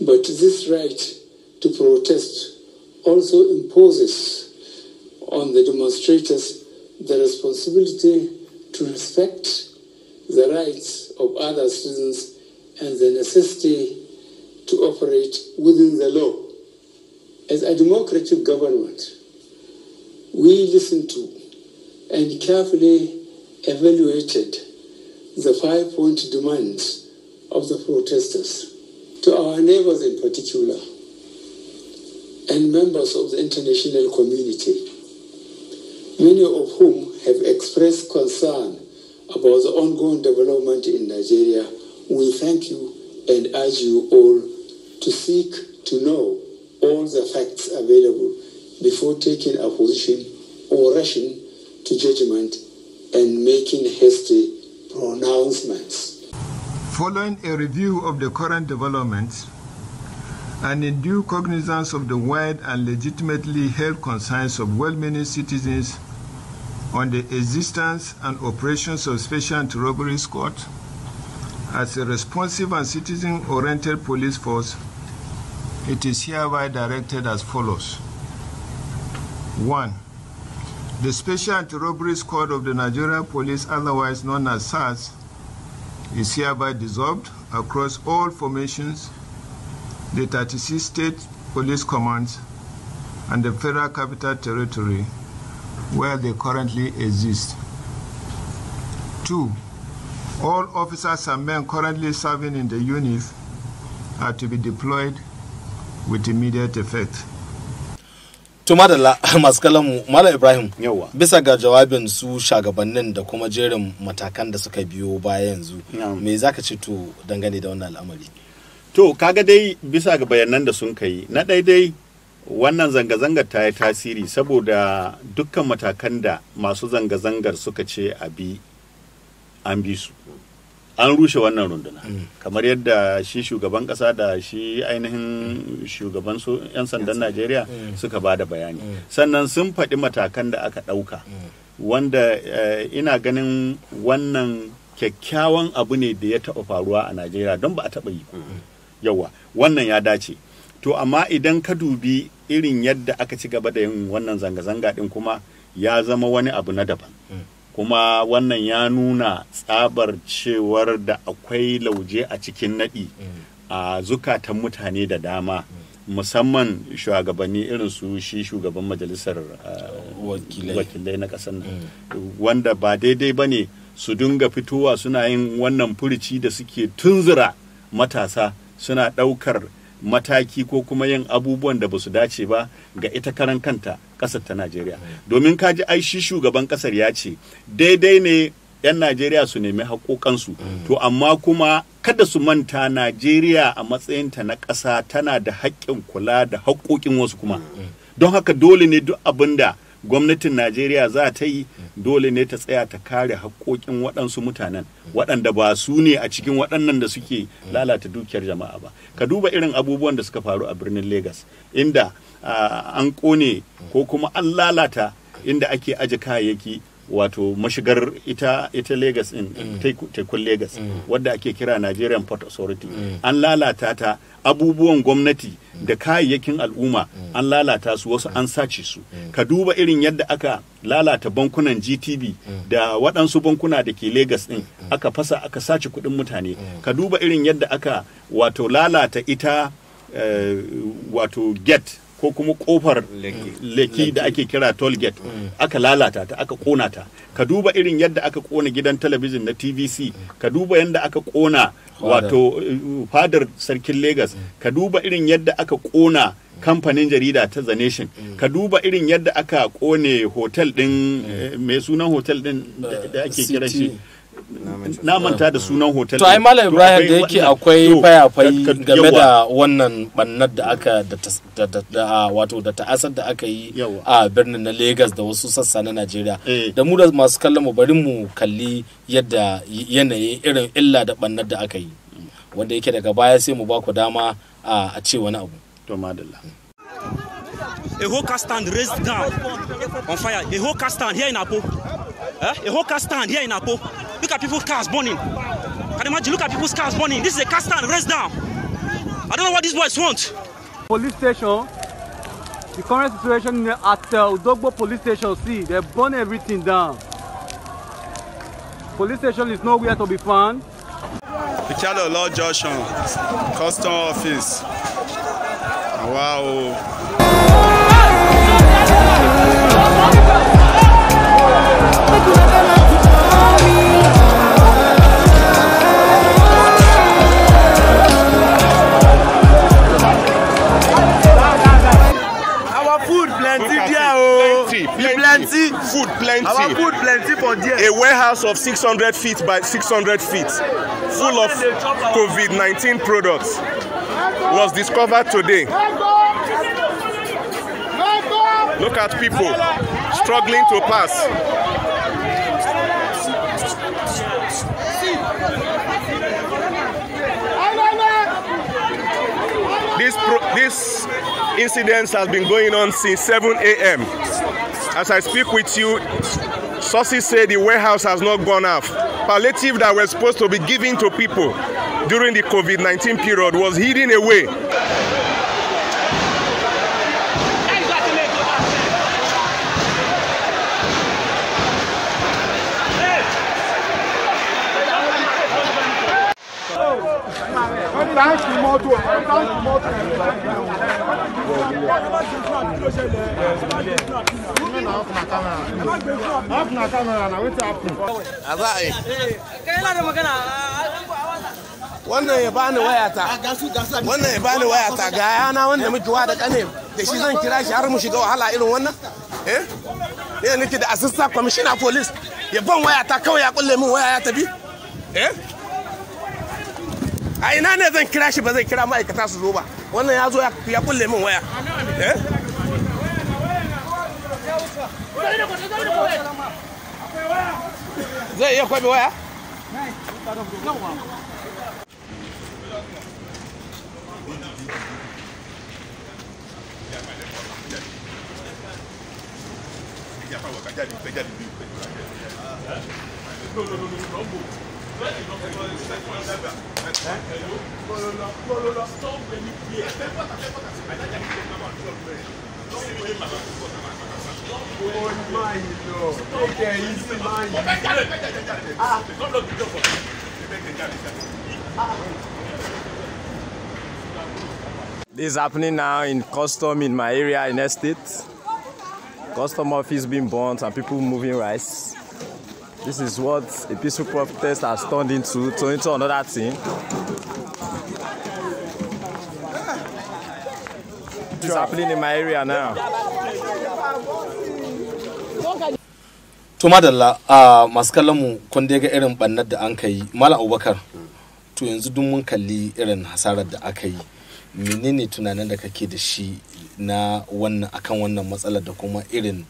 But this right to protest also imposes on the demonstrators the responsibility to respect the rights of other citizens and the necessity to operate within the law. As a democratic government, we listen to and carefully evaluated the five-point demands of the protesters to our neighbors in particular and members of the international community, many of whom have expressed concern about the ongoing development in Nigeria, we thank you and urge you all to seek to know all the facts available before taking a position or rushing to judgment and making hasty pronouncements. Following a review of the current developments, and in due cognizance of the wide and legitimately held concerns of well-meaning citizens on the existence and operations of Special Anti-Robbery Squad as a responsive and citizen-oriented police force, it is hereby directed as follows. 1. The Special Anti-Robbery Squad of the Nigerian Police, otherwise known as SARS, is hereby dissolved across all formations, the 36 state police commands, and the Federal Capital Territory, where they currently exist. Two, all officers and men currently serving in the units are to be deployed with immediate effect. to madalla masu kalamu malam ibrahim yawa bisa ga jawabin su shagabannin da kuma jerin matakan da suka biyo baya yanzu me zaka ce to dangane da wannan al'amari to kaga dai bisa ga bayanan da sun kai na daidai wannan zanga-zangar ta yi tasiri saboda dukkan matakan da masu zanga-zangar suka ce a bi an bi su an rushe wannan runduna mm. kamar yadda shi shugaban kasa da shi ainihin shugaban su 'yan sandan najeriya mm. suka ba da bayani mm. sannan sun faɗi matakan da aka ɗauka wanda eh, ina ganin wannan kyakkyawan abu ne da ya taɓa faruwa a najeriya don ba a taɓa yi yawa wannan ya dace to amma idan ka dubi irin yadda aka ci gaba da yin wannan zanga-zanga ɗin kuma ya zama wani abu na daban. kuma wannan ya nuna tsabar cewar da akwai lauje a cikin naɗi mm. a zukatan mutane da dama musamman shugabanni irin su shi shugaban majalisar uh, wakilai na ƙasar nan mm. wanda ba daidai ba ne su dinga fitowa suna yin wannan furici da suke tunzura matasa suna ɗaukar mataki ko kuma yin abubuwan da ba su dace ba ga ita karan kanta ƙasar ta Najeriya. Domin ka ji ai shi shugaban ƙasar ya ce daidai ne 'yan Najeriya su nemi haƙoƙansu. Mm. To amma kuma kada su manta Najeriya a matsayinta na ƙasa tana da haƙƙin kula da haƙoƙin wasu kuma. Mm. Don haka dole ne duk abin da gwamnatin najeriya za ta yi dole ne ta tsaya ta kare haƙoƙin waɗansu mutanen waɗanda ba su ne a cikin waɗannan da suke lalata dukiyar jama'a ba ka duba irin abubuwan da suka faru a birnin legas inda ah, an ƙone ko kuma an lalata inda ake aje kayayyaki wato mashigar ita ita Lagos in mm. tekun Lagos mm. wadda ake kira Nigerian Port Authority mm. an lalata ta abubuwan gwamnati da kayayyakin al'umma an lalata su wasu an sace su ka duba irin yadda aka lalata bankunan GTB da waɗansu bankuna da ke Lagos din aka fasa aka sace kuɗin mutane ka duba irin yadda aka wato lalata ita eh, wato get ko kuma kofar leki da ake kira tollgate mm. aka lalata ta aka kona ta ka duba irin yadda aka kona gidan talabijin na tvc ka duba yadda aka kona wato uh, fadar sarkin lagos mm. ka duba irin yadda aka kona mm. kamfanin jarida ta the nation ka duba irin yadda aka kone hotel din eh, mai sunan hotel din da ake uh, kira shi na manta da sunan hotel to ai malam ibrahim da yake akwai fayafai game da wannan bannar da aka da wato da ta'asar da aka yi a birnin na lagos da wasu sassa na najeriya eh. da mu da masu kallon mu bari mu kalli yadda yanayi irin illa da bannar da aka yi wanda yake daga baya sai mu ba ku dama a ce wani abu to madalla a whole cast stand raised down on fire a whole cast stand here in apo eh? a whole cast stand here in apo at people's cars burning. Can you imagine? Look at people's cars burning. This is a car stand raised down. I don't know what these boys want. Police station. The current situation at uh, Udogbo police station, see, they burn everything down. Police station is nowhere to be found. Ìkálẹ̀ Lord Johnson, custom office. Wow. food plenty. Our food plenty for there. A warehouse of 600 feet by 600 feet full of COVID-19 products was discovered today. Look at people struggling to pass. This, pro- this incident has been going on since 7 a.m. As I speak with you, sources say the warehouse has not gone off. Palliative that we're supposed to be given to people during the COVID 19 period was hidden away. Thank you, Thank you, wannan ya bani wayata wannan ya bani wayata ga yana wanda muke wa da kane da shi zan kira shi har mu shiga wahala irin wannan eh ne nake da assistant commissioner police ya ban wayata kawai ya kulle min waya ya tafi eh a ina ne zan kira shi ba zai kira ma'aikata su zo ba wannan ya zo ya kulle min waya eh? zai iya kwabe waya No, no, This is happening now in custom in my area in estate. Custom office being burnt and people moving rice. This is what a peaceful protest has turned into, turned into another thing. It's happening in my area now. To madalla a masu kallonmu kun dai ga irin bannar da an ka Mala Abubakar to yanzu duk mun kalli irin hasarar da aka yi menene tunanin da kake da shi na wannan akan wannan matsalar da kuma irin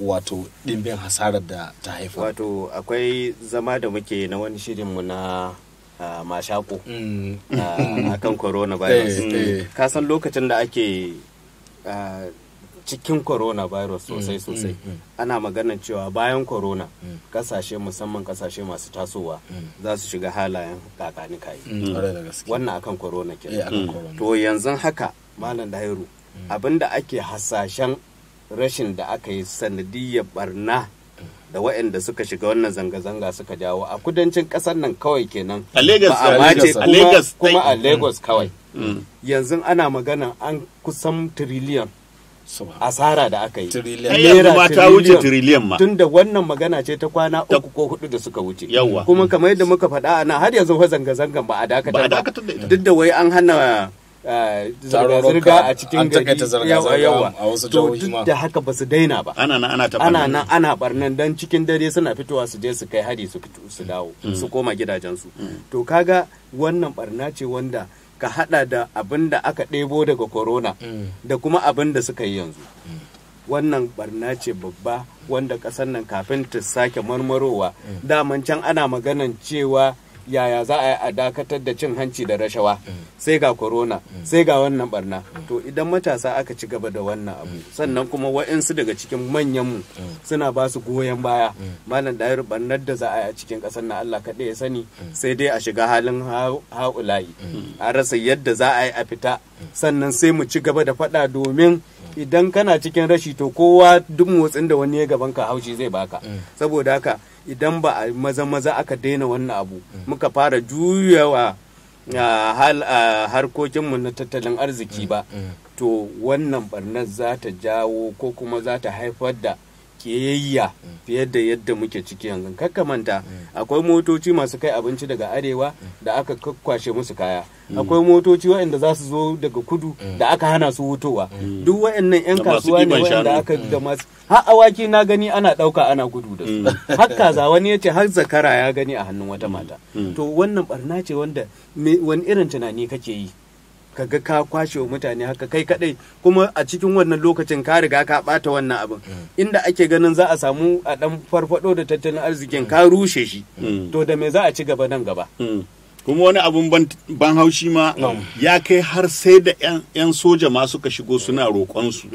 wato ɗimbin hasarar da ta haifa. wato akwai zama da muke na wani shirin mu na mashako mm. a kan coronavirus eh, mm. eh. ka san lokacin da ake cikin coronavirus sosai mm, sosai ana maganar cewa bayan corona kasashe musamman kasashe masu tasowa za su shiga halayen kakani kayi wannan akan corona ke eh, to yanzu haka malam da abin abinda ake hasashen rashin da aka yi sanadiyyar barna da waɗanda suka shiga wannan zanga-zanga suka jawo a kudancin ƙasar nan kawai kenan a Lagos kuma a Lagos mm. kawai mm. yanzu ana magana an kusan tiriliyan asara da aka yi naira ta wuce tiriliyan ma tunda wannan magana ce ta kwana uku ko hudu da suka wuce kuma kamar yadda muka faɗa ana har yanzu zanga-zangan ba a dakatar ba duk da wai an hana Eh, zirga-zirga a cikin gari yawa yawa to duk da haka ba su daina ba ana nan ana barnan dan cikin dare suna fitowa su je su kai hari su su dawo mm. su koma gidajensu mm. to kaga wannan barna ce wanda ka hada da abin da aka ɗebo daga corona mm. da kuma abin da suka yi yanzu wannan barna ce babba wanda ƙasar nan kafin ta sake marmarowa daman can ana maganan cewa yaya za a yi a dakatar da cin hanci da rashawa mm. sai ga corona mm. sai ga wannan barna mm. to idan matasa aka ci gaba da wannan abu sannan kuma wa'insu daga cikin manyanmu suna ba su goyon baya malam dayar barnar da za a yi a cikin ƙasar na Allah kaɗai ya sani sai dai a shiga halin ha'ulayi a rasa yadda za a yi a fita sannan sai mu ci gaba da faɗa domin idan kana cikin rashi to kowa duk motsin da wani ya gaban ka haushi zai baka saboda haka idan ba a maza maza aka daina wannan abu muka fara juyawa ah, ah, harkokinmu na tattalin arziki ba mm, mm. to wannan barnar za ta jawo ko kuma za ta haifar da kiyayya mm. fiye da yadda muke ciki yanzu manta mm. akwai motoci masu kai abinci daga arewa mm. da aka kwashe musu kaya akwai motoci waɗanda za su zo daga kudu da aka hana su hutowa duk waɗannan 'yan kasuwa ne waɗanda aka da masu har na gani ana ɗauka ana gudu da su har kaza wani ya ce har zakara ya gani a hannun wata mata to wannan barna ce wanda wani irin tunani kake yi ka ga ka kwashe wa mutane haka kai kadai kuma a cikin wannan lokacin ka riga ka bata wannan abin mm. inda ake ganin za a samu a dan farfado da tattalin arzikin ka mm. rushe shi mm. to da me za a ci gaba nan gaba kuma wani abun ban haushi ma ya kai har sai da 'yan soja ma suka shigo suna roƙonsu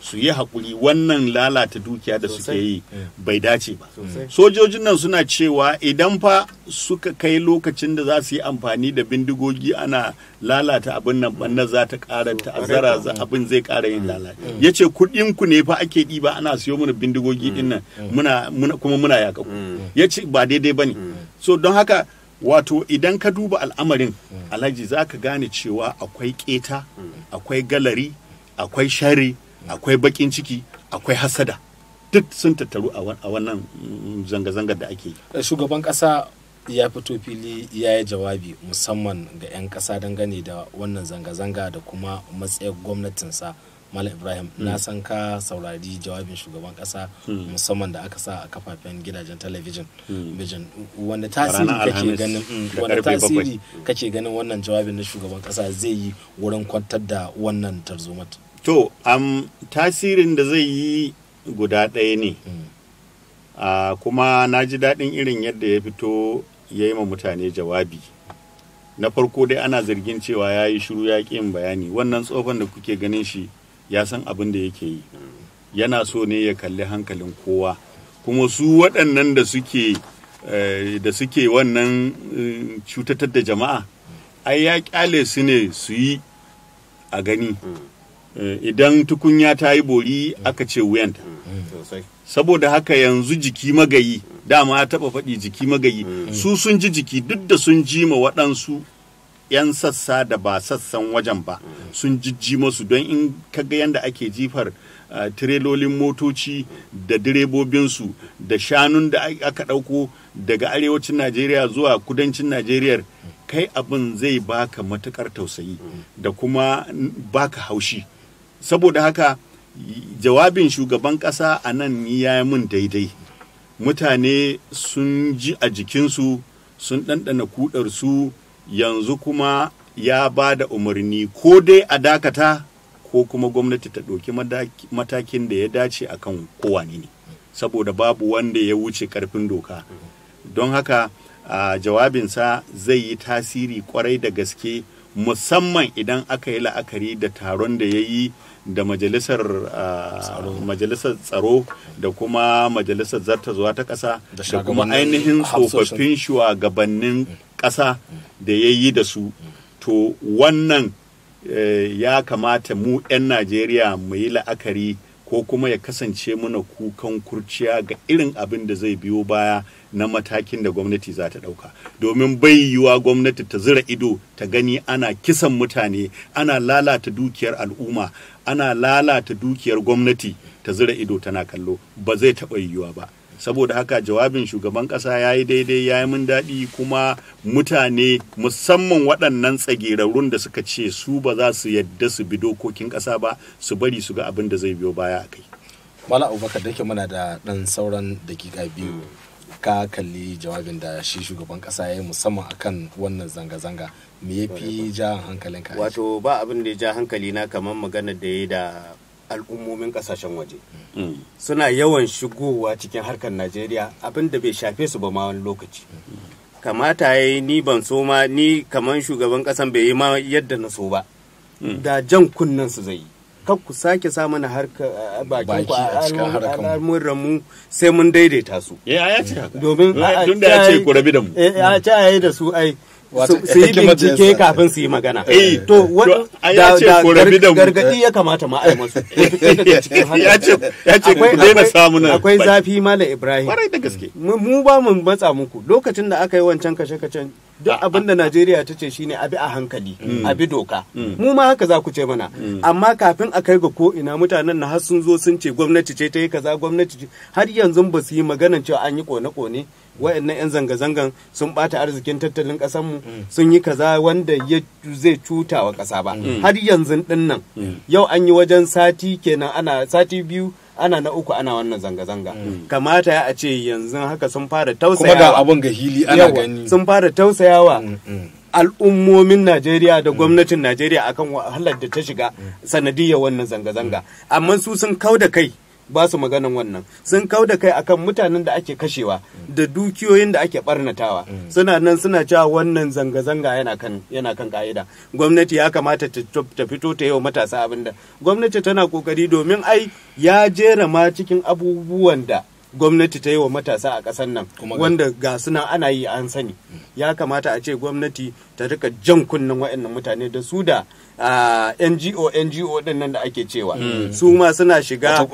su yi hakuri wannan lalata dukiya da suke yi bai dace ba sojojin nan suna cewa idan fa suka kai lokacin da za su yi amfani da bindigogi ana lalata abin nan banna za ta ƙara ta'azzara abin zai ƙara yin lalata ya ce kuɗin ne fa ake ɗiba ana siyo mana bindigogi ɗin nan mm. kuma muna yaƙa ku mm. ya ce ba daidai ba ne mm. so don haka wato idan ka duba al'amarin alhaji za ka gane cewa akwai ƙeta akwai galari akwai shari akwai bakin ciki akwai hasada duk sun tattaru a wannan zanga-zanga da ake yi eh, shugaban kasa ya fito fili ya yi jawabi musamman ga 'yan kasa dangane da wannan zanga-zanga da kuma matsayin gwamnatinsa Malam Ibrahim mm. na hmm. san ka saurari jawabin shugaban kasa mm. musamman da aka sa a kafafen gidajen talabijin mm. wanda tasiri kake ganin wanda tasiri kake ganin wannan jawabin na shugaban kasa zai yi wurin kwantar da wannan tarzomat to am tasirin da zai yi guda ɗaya ne mm. kuma na ji daɗin irin yadda ya fito ya yi ma mutane jawabi na farko dai ana zargin cewa ya yi shiru ya ƙin bayani wannan tsofan da kuke ganin shi ya san abin da yake yi yana so ne ya kalli hankalin kowa kuma su waɗannan da suke eh, da suke wannan eh, cutatar da jama'a ai ya ƙyale su ne su yi a gani mm. Eh, idan tukunya ta yi bori aka ce wuyanta mm. Mm. saboda haka yanzu jiki magayi dama a taɓa faɗi jiki magayi mm. su sun ji jiki duk da sun ji ma waɗansu 'yan sassa da ba sassan wajen ba sun jijji masu don in kaga yadda ake jifar eh, tirelolin motoci da direbobinsu da shanun da aka ɗauko daga arewacin najeriya zuwa kudancin najeriya kai abin zai baka matukar tausayi da kuma baka haushi saboda haka jawabin shugaban ƙasa a nan ya yi mun daidai mutane sun ji a jikinsu sun ɗanɗana kudarsu yanzu kuma ya ba da umarni ko dai a dakata ko kuma gwamnati ta ɗauki matakin da ya dace a kan kowane ne saboda babu wanda ya wuce ƙarfin doka don haka jawabinsa zai yi tasiri kwarai da gaske musamman idan aka yi la'akari da taron da ya yi da majalisar ah, majalisar tsaro da kuma majalisar zuwa ta ƙasa da kuma ainihin tsofaffin shugabannin ƙasa da ya yi da su to wannan eh, ya kamata mu 'yan najeriya mu yi la'akari ko kuma ya kasance mana kukan kurciya ga irin abin da zai biyo baya na matakin da gwamnati za ta ɗauka domin bai yiwuwa gwamnati ta zira ido ta gani ana kisan mutane ana lalata dukiyar al'umma ana lalata dukiyar gwamnati ta zira ido tana kallo ba zai taɓa yiwuwa ba saboda haka jawabin shugaban kasa ya yi daidai ya yi min daɗi kuma mutane musamman waɗannan tsagerarrun da suka ce su ba za su yadda su bi dokokin ƙasa ba su bari su ga abin da zai biyo baya a kai mala abubakar da muna da ɗan sauran dakika biyu ka kalli jawabin da shi shugaban kasa ya yi musamman akan wannan zanga-zanga me ya fi ja hankalinka wato ba abin da ya ja hankali na kamar maganar da ya da al'ummomin kasashen waje mm. suna yawan shigowa cikin harkar najeriya abin da bai shafe su ba ma wani lokaci kamata ya yi ni ban so ma ni kamar shugaban kasan bai yi ma yadda na so ba mm. da jan kunnen su zai yi kan ku sake sa mana harka bakin ku al'amuran mu sai mun daidaita su eh, domin a ce ku rabi da mu eh, a ce a yi da su ai su yi bincike kafin su yi magana eh. Eh. to da gargadi ya kamata ma ya ce ku nan akwai zafi mala ibrahim mu ba mu matsa muku lokacin da aka yi wancan kashe-kashen duk ah, ah. abin da Najeriya ta ce shine abi a hankali mm. abi doka mm. mu ma haka za ku ce mana mm. amma kafin a kai ga ko ina mutanen na har sun zo sun ce gwamnati ce ta yi kaza gwamnati har yanzu ba su yi maganan cewa an yi kone-kone wayannan 'yan zanga-zangan sun bata arzikin tattalin mu mm. sun yi kaza wanda ya zai cuta wa ƙasa ba mm. har yanzu din nan mm. yau an yi wajen sati kenan ana sati biyu ana na uku ana wannan zanga-zanga kamata ya a ce yanzu haka sun fara tausayawa kuma ga abun ga hili ana gani sun fara tausayawa al'ummomin Najeriya da gwamnatin Najeriya akan wahalar da ta shiga sanadiyar wannan zanga-zanga amma su sun kau da kai ba su maganan wannan sun kau da kai akan mutanen da ake kashewa da dukiyoyin da ake barnatawa mm. suna nan suna cewa wannan zanga-zanga yana kan yana ka'ida gwamnati ya kamata ta fito ta yau matasa abin da gwamnati tana kokari domin ai ya jera ma cikin abubuwan da gwamnati ta yi wa matasa a ƙasar nan wanda ga suna ana yi an sani ya kamata a ce gwamnati ta rika jan kunnen waɗannan mutane da su da ngo ngo din nan da ake cewa mm. su ma suna shiga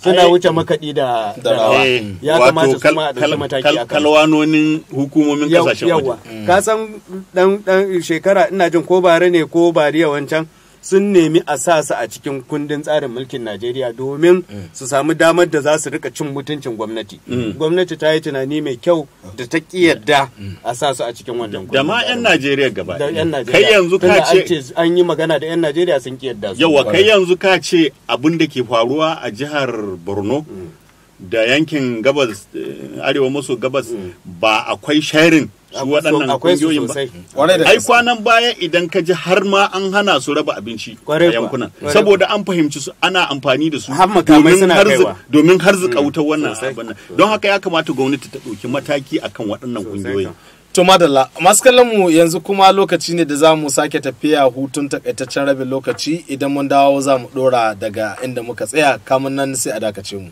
suna wuce makaɗi da rawa ya kamata su ma a ɗauki mataki a kalwanonin hukumomin kasashen waje ka san dan shekara ina jin ko bare ne ko bariya wancan sun nemi a sa su a cikin kundin tsarin mulkin Najeriya domin su samu damar da za su rika cin mutuncin gwamnati. Mm. Gwamnati ta yi tunani mai kyau da ta yadda mm. a sa su a cikin wannan kundin. Da ma 'yan Najeriya gaba. Da 'yan Najeriya. Kai yanzu ka ce an yi magana da 'yan Najeriya sun ki yadda su. Yawa kai yanzu ka ce abin da ke faruwa a jihar Borno mm. da yankin gabas eh, arewa maso gabas mm. ba akwai sharing su waɗannan kungiyoyin ba ai kwanan baya idan ka ji har ma an hana su raba abinci a yankunan saboda an fahimci su ana amfani da su domin zuka wutar mm, wannan abin don haka ya kamata gwamnati ta ɗauki mataki akan waɗannan kungiyoyin To madalla, masu mu yanzu kuma lokaci ne da za mu sake tafiya hutun takaitaccen rabin lokaci idan mun dawo za mu ɗora daga inda muka tsaya kamun nan sai a dakace mu.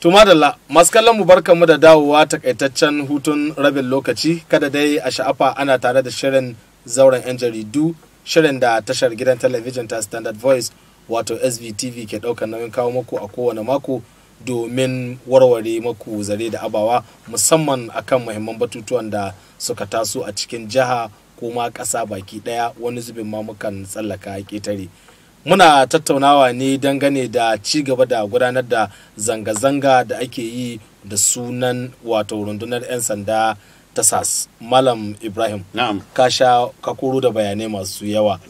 To madalla, masu kallon mu da dawowa takaitaccen hutun rabin lokaci kada dai a sha'afa ana tare da shirin zauren 'yan jaridu shirin da tashar gidan talabijin ta Standard Voice wato SVTV ke ɗaukar nauyin kawo muku a kowane mako domin warware maku zare da abawa musamman akan muhimman batutuwan da suka taso a cikin jiha ko ma ƙasa baki ɗaya wani zubin ma mukan tsallaka ƙetare. muna tattaunawa ne dangane da ci gaba da gudanar da zanga-zanga da ake yi da sunan wato rundunar 'yan sanda ta sas malam ibrahim na'am ka sha ka koro da bayanai masu yawa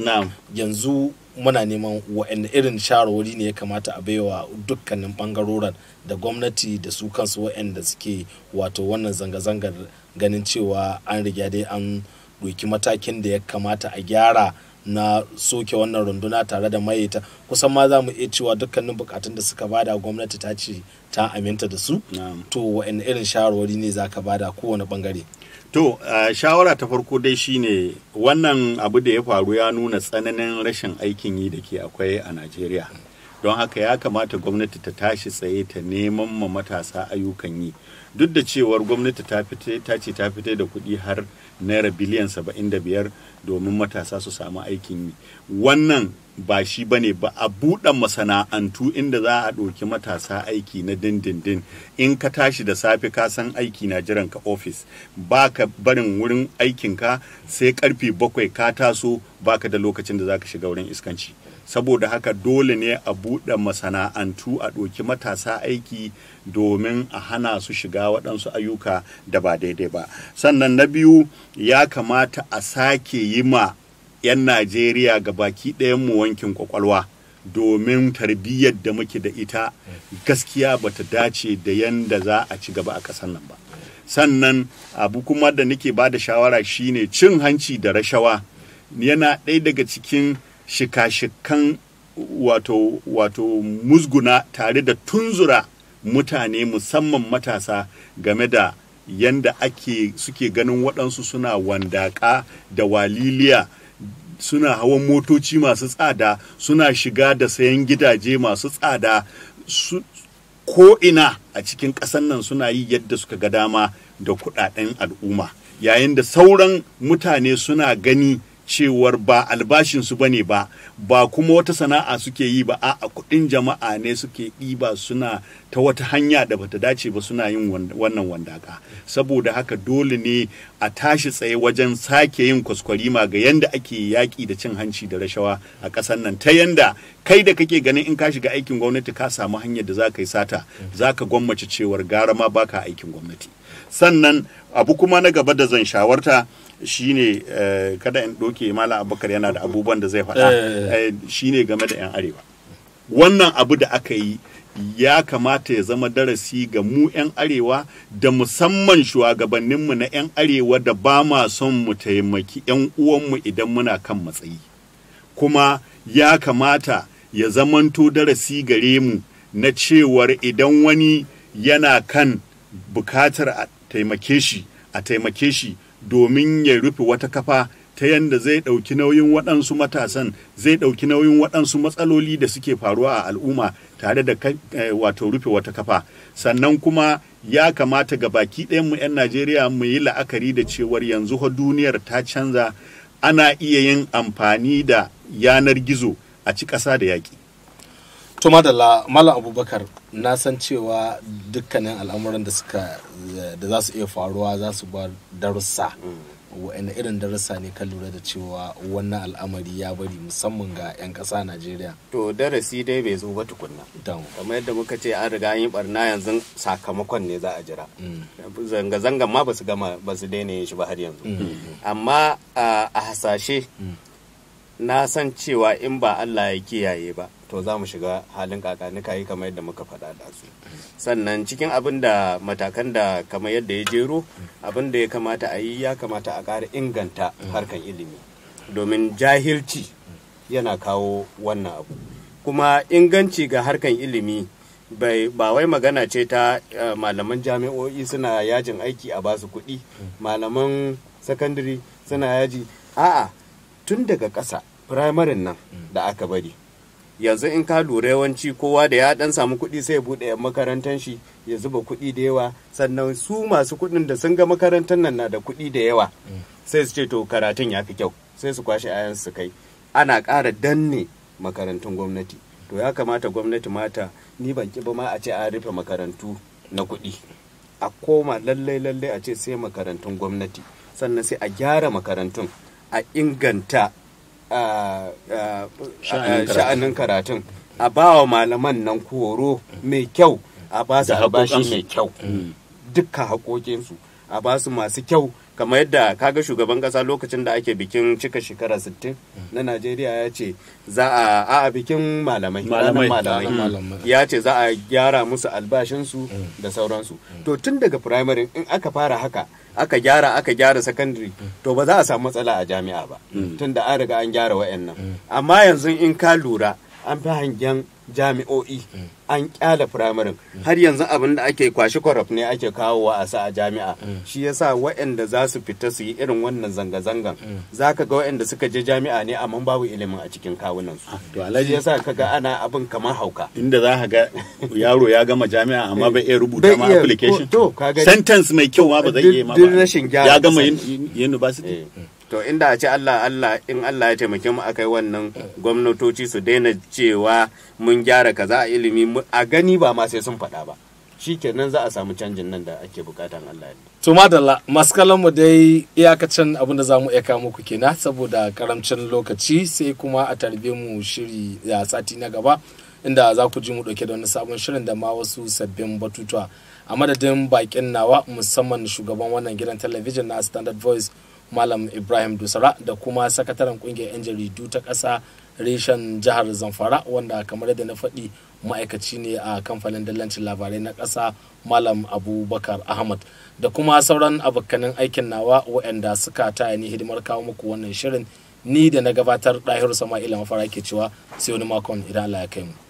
yanzu muna neman wa'anda irin shawarwari ne ya kamata a baiwa dukkanin bangaroren da gwamnati da su kansu wa'anda suke wato wannan zanga-zangar ganin cewa an riga dai an doki matakin da ya kamata a gyara na soke wannan runduna tare da mayeta kusan ma za mu iya cewa dukkanin bukatun da suka bada gwamnati ta ce ta aminta da su to wa'in irin shawarwari ne za ka bada kowane bangare to shawara ta farko dai shine wannan abu da ya faru ya nuna tsananin rashin aikin yi da ke akwai a najeriya don haka ya kamata gwamnati ta tashi tsaye ta neman ma matasa ayyukan yi duk da cewar gwamnati ta ta ce ta fitar da kuɗi har naira biliyan 75 domin matasa su samu aikin yi wannan ba shi ba ne ba a buɗe masana'antu inda za a ɗauki matasa aiki na dindindin in ka tashi da safe ka san aiki na jiran ka ofis ba ka barin wurin aikinka sai karfe bakwai ka taso ba ka da lokacin da za ka shiga wurin iskanci saboda haka dole ne a buɗe masana'antu a ɗoki matasa aiki domin a hana su shiga waɗansu ayyuka da ba daidai ba sannan na biyu ya kamata a sake yi ma 'yan najeriya ga baki ɗayan mu wankin kwakwalwa domin tarbiyyar da muke da ita gaskiya ba ta dace da yanda za a ci gaba a ƙasar nan ba sannan abu kuma da nake ba da shawara shine cin hanci da rashawa yana ɗaya daga cikin shika-shikan wato wato musguna tare da tunzura mutane musamman matasa game da yanda ake suke ganin waɗansu suna wandaƙa da waliliya suna hawan motoci masu tsada suna shiga da sayan gidaje masu tsada su ko'ina a cikin ƙasan nan suna yi yadda suka ga dama da kuɗaɗen al'umma yayin da sauran mutane suna gani cewar ba albashinsu ba ne ba ba kuma wata sana'a suke yi ba a kudin jama'a ne suke ɗiba suna ta wata hanya da bata dace ba suna yin wannan wandaka saboda haka dole ne a tashi tsaye wajen sake yin kwaskwarima ga yanda ake yaƙi da cin hanci da rashawa a ƙasar nan ta yanda kai da kake ganin in ka shiga aikin gwamnati ka samu hanyar da za ka yi sata za ka gwammace cewar gara ma baka aikin gwamnati sannan abu kuma na gaba da zan shawarta shine eh, kada in doke mala abubakar yana da abubuwan da zai faɗa eh. Eh, shine game da yan arewa wannan abu da aka yi ya kamata ya zama darasi ga mu 'yan arewa da musamman shugabanninmu na 'yan arewa da ba ma son mu taimaki 'yan uwanmu idan muna kan matsayi kuma ya kamata ya zamanto darasi gare mu na cewar idan wani yana kan bukatar a taimake shi a taimake shi domin ya rufe wata kafa ta yadda zai ɗauki nauyin waɗansu matasan zai ɗauki nauyin waɗansu matsaloli da suke faruwa a al'umma tare da eh, wato rufe wata kafa sannan kuma ya kamata ga baki ɗayan mu 'yan najeriya mu yi la'akari da cewar yanzu ha duniyar ta canza ana iya yin amfani da yanar gizo a ci ƙasa da yaƙi to madalla malam abubakar na san cewa dukkanin al'amuran da suka da za su iya faruwa za su ba darussa wa'ina irin darussa ne kan lura da cewa wannan al'amari ya bari musamman ga 'yan kasa najeriya to darasi dai bai zo ba tukunna kamar yadda muka ce an riga an yi barna yanzu sakamakon ne za a jira zanga mm. zanga ma ba gama ba su daina yin shi ba har yanzu mm. amma a hasashe mm. na san cewa in ba Allah ya kiyaye ba to za mu shiga halin kakanika yi kamar yadda muka faɗa da su sannan cikin abin da matakan da kamar yadda ya jero abin da ya kamata a yi ya kamata a ƙara inganta harkan ilimi domin jahilci yana kawo wannan abu kuma inganci ga harkan ilimi bai ba wai magana ce ta eh, malaman jami'o'i suna yajin aiki a basu kuɗi malaman sakandare suna yaji a'a tun daga ƙasa firamarin nan da aka bari yanzu in ka lura yawanci kowa da ya dan samu kuɗi sai ya buɗe yan makarantar shi ya zuba kuɗi da yawa sannan su masu kuɗin da sun ga makarantar nan na da kuɗi da yawa sai su ce to karatun ya fi kyau sai su kwashe ayan su kai ana ƙara danne makarantun gwamnati to ya kamata gwamnati mata ni ban ki ba ma a ce a rufe makarantu na kuɗi a koma lallai lallai a ce sai makarantun gwamnati sannan sai a gyara makarantun a inganta sha'anin karatun a ba wa malaman nan koro mai kyau a ba su albashi mai kyau mm. dukkan haƙoƙinsu a ba su masu kyau kamar yadda ka ga shugaban kasa lokacin da ake bikin cika shekara 60 na najeriya ya ce za a a bikin malamai malamai ya ce za a gyara musu albashinsu da sauransu mm. to tun daga primary in aka fara haka aka gyara aka gyara secondary mm. to ba za a samu matsala a jami'a ba mm. tun da an riga an gyara wa'annan amma yanzu in ka lura an fi hangen jami'o'i mm. an kyala firamarin mm. har yanzu abin da ake kwashi kwaraf ne ake kawo a asa a jami'a mm. shi yasa wa'anda za su fita su yi irin wannan zanga-zangan za ka ga wa'anda suka je jami'a ne amma babu ilimin a cikin kawunan su ah, to shi yasa ka ga ana abin kamar hauka inda za ka ga yaro ya gama jami'a amma bai iya rubuta ma application sentence mai kyau ma ba zai iya ma ba ya gama university eh. to inda a ce Allah Allah in Allah ya taimake mu akai wannan gwamnatoci su daina cewa mun gyara kaza a ilimi a gani ba ma sai sun faɗa ba shikenan za a samu canjin nan da ake bukatan Allah ya to madalla maskalan mu dai iyakacin abin da za mu iya kawo muku kenan saboda karamcin lokaci sai kuma a tarbe mu shiri ya sati na gaba inda za ku ji mu dauke da wani sabon shirin da ma wasu sabbin batutuwa a madadin bakin nawa musamman shugaban wannan gidan talabijin na standard voice malam ibrahim dusara da kuma sakataren kungiyar 'yan jaridu ta ƙasa reshen jihar zamfara wanda kamar yadda na faɗi ma'aikaci ne a kamfanin dallancin labarai na ƙasa malam abubakar ahmad da kuma sauran abokanin aikin nawa waɗanda suka taya ni hidimar kawo muku wannan shirin ni da na gabatar ɗahiru sama'ila mafara ke cewa sai wani makon idan allah ya kai mu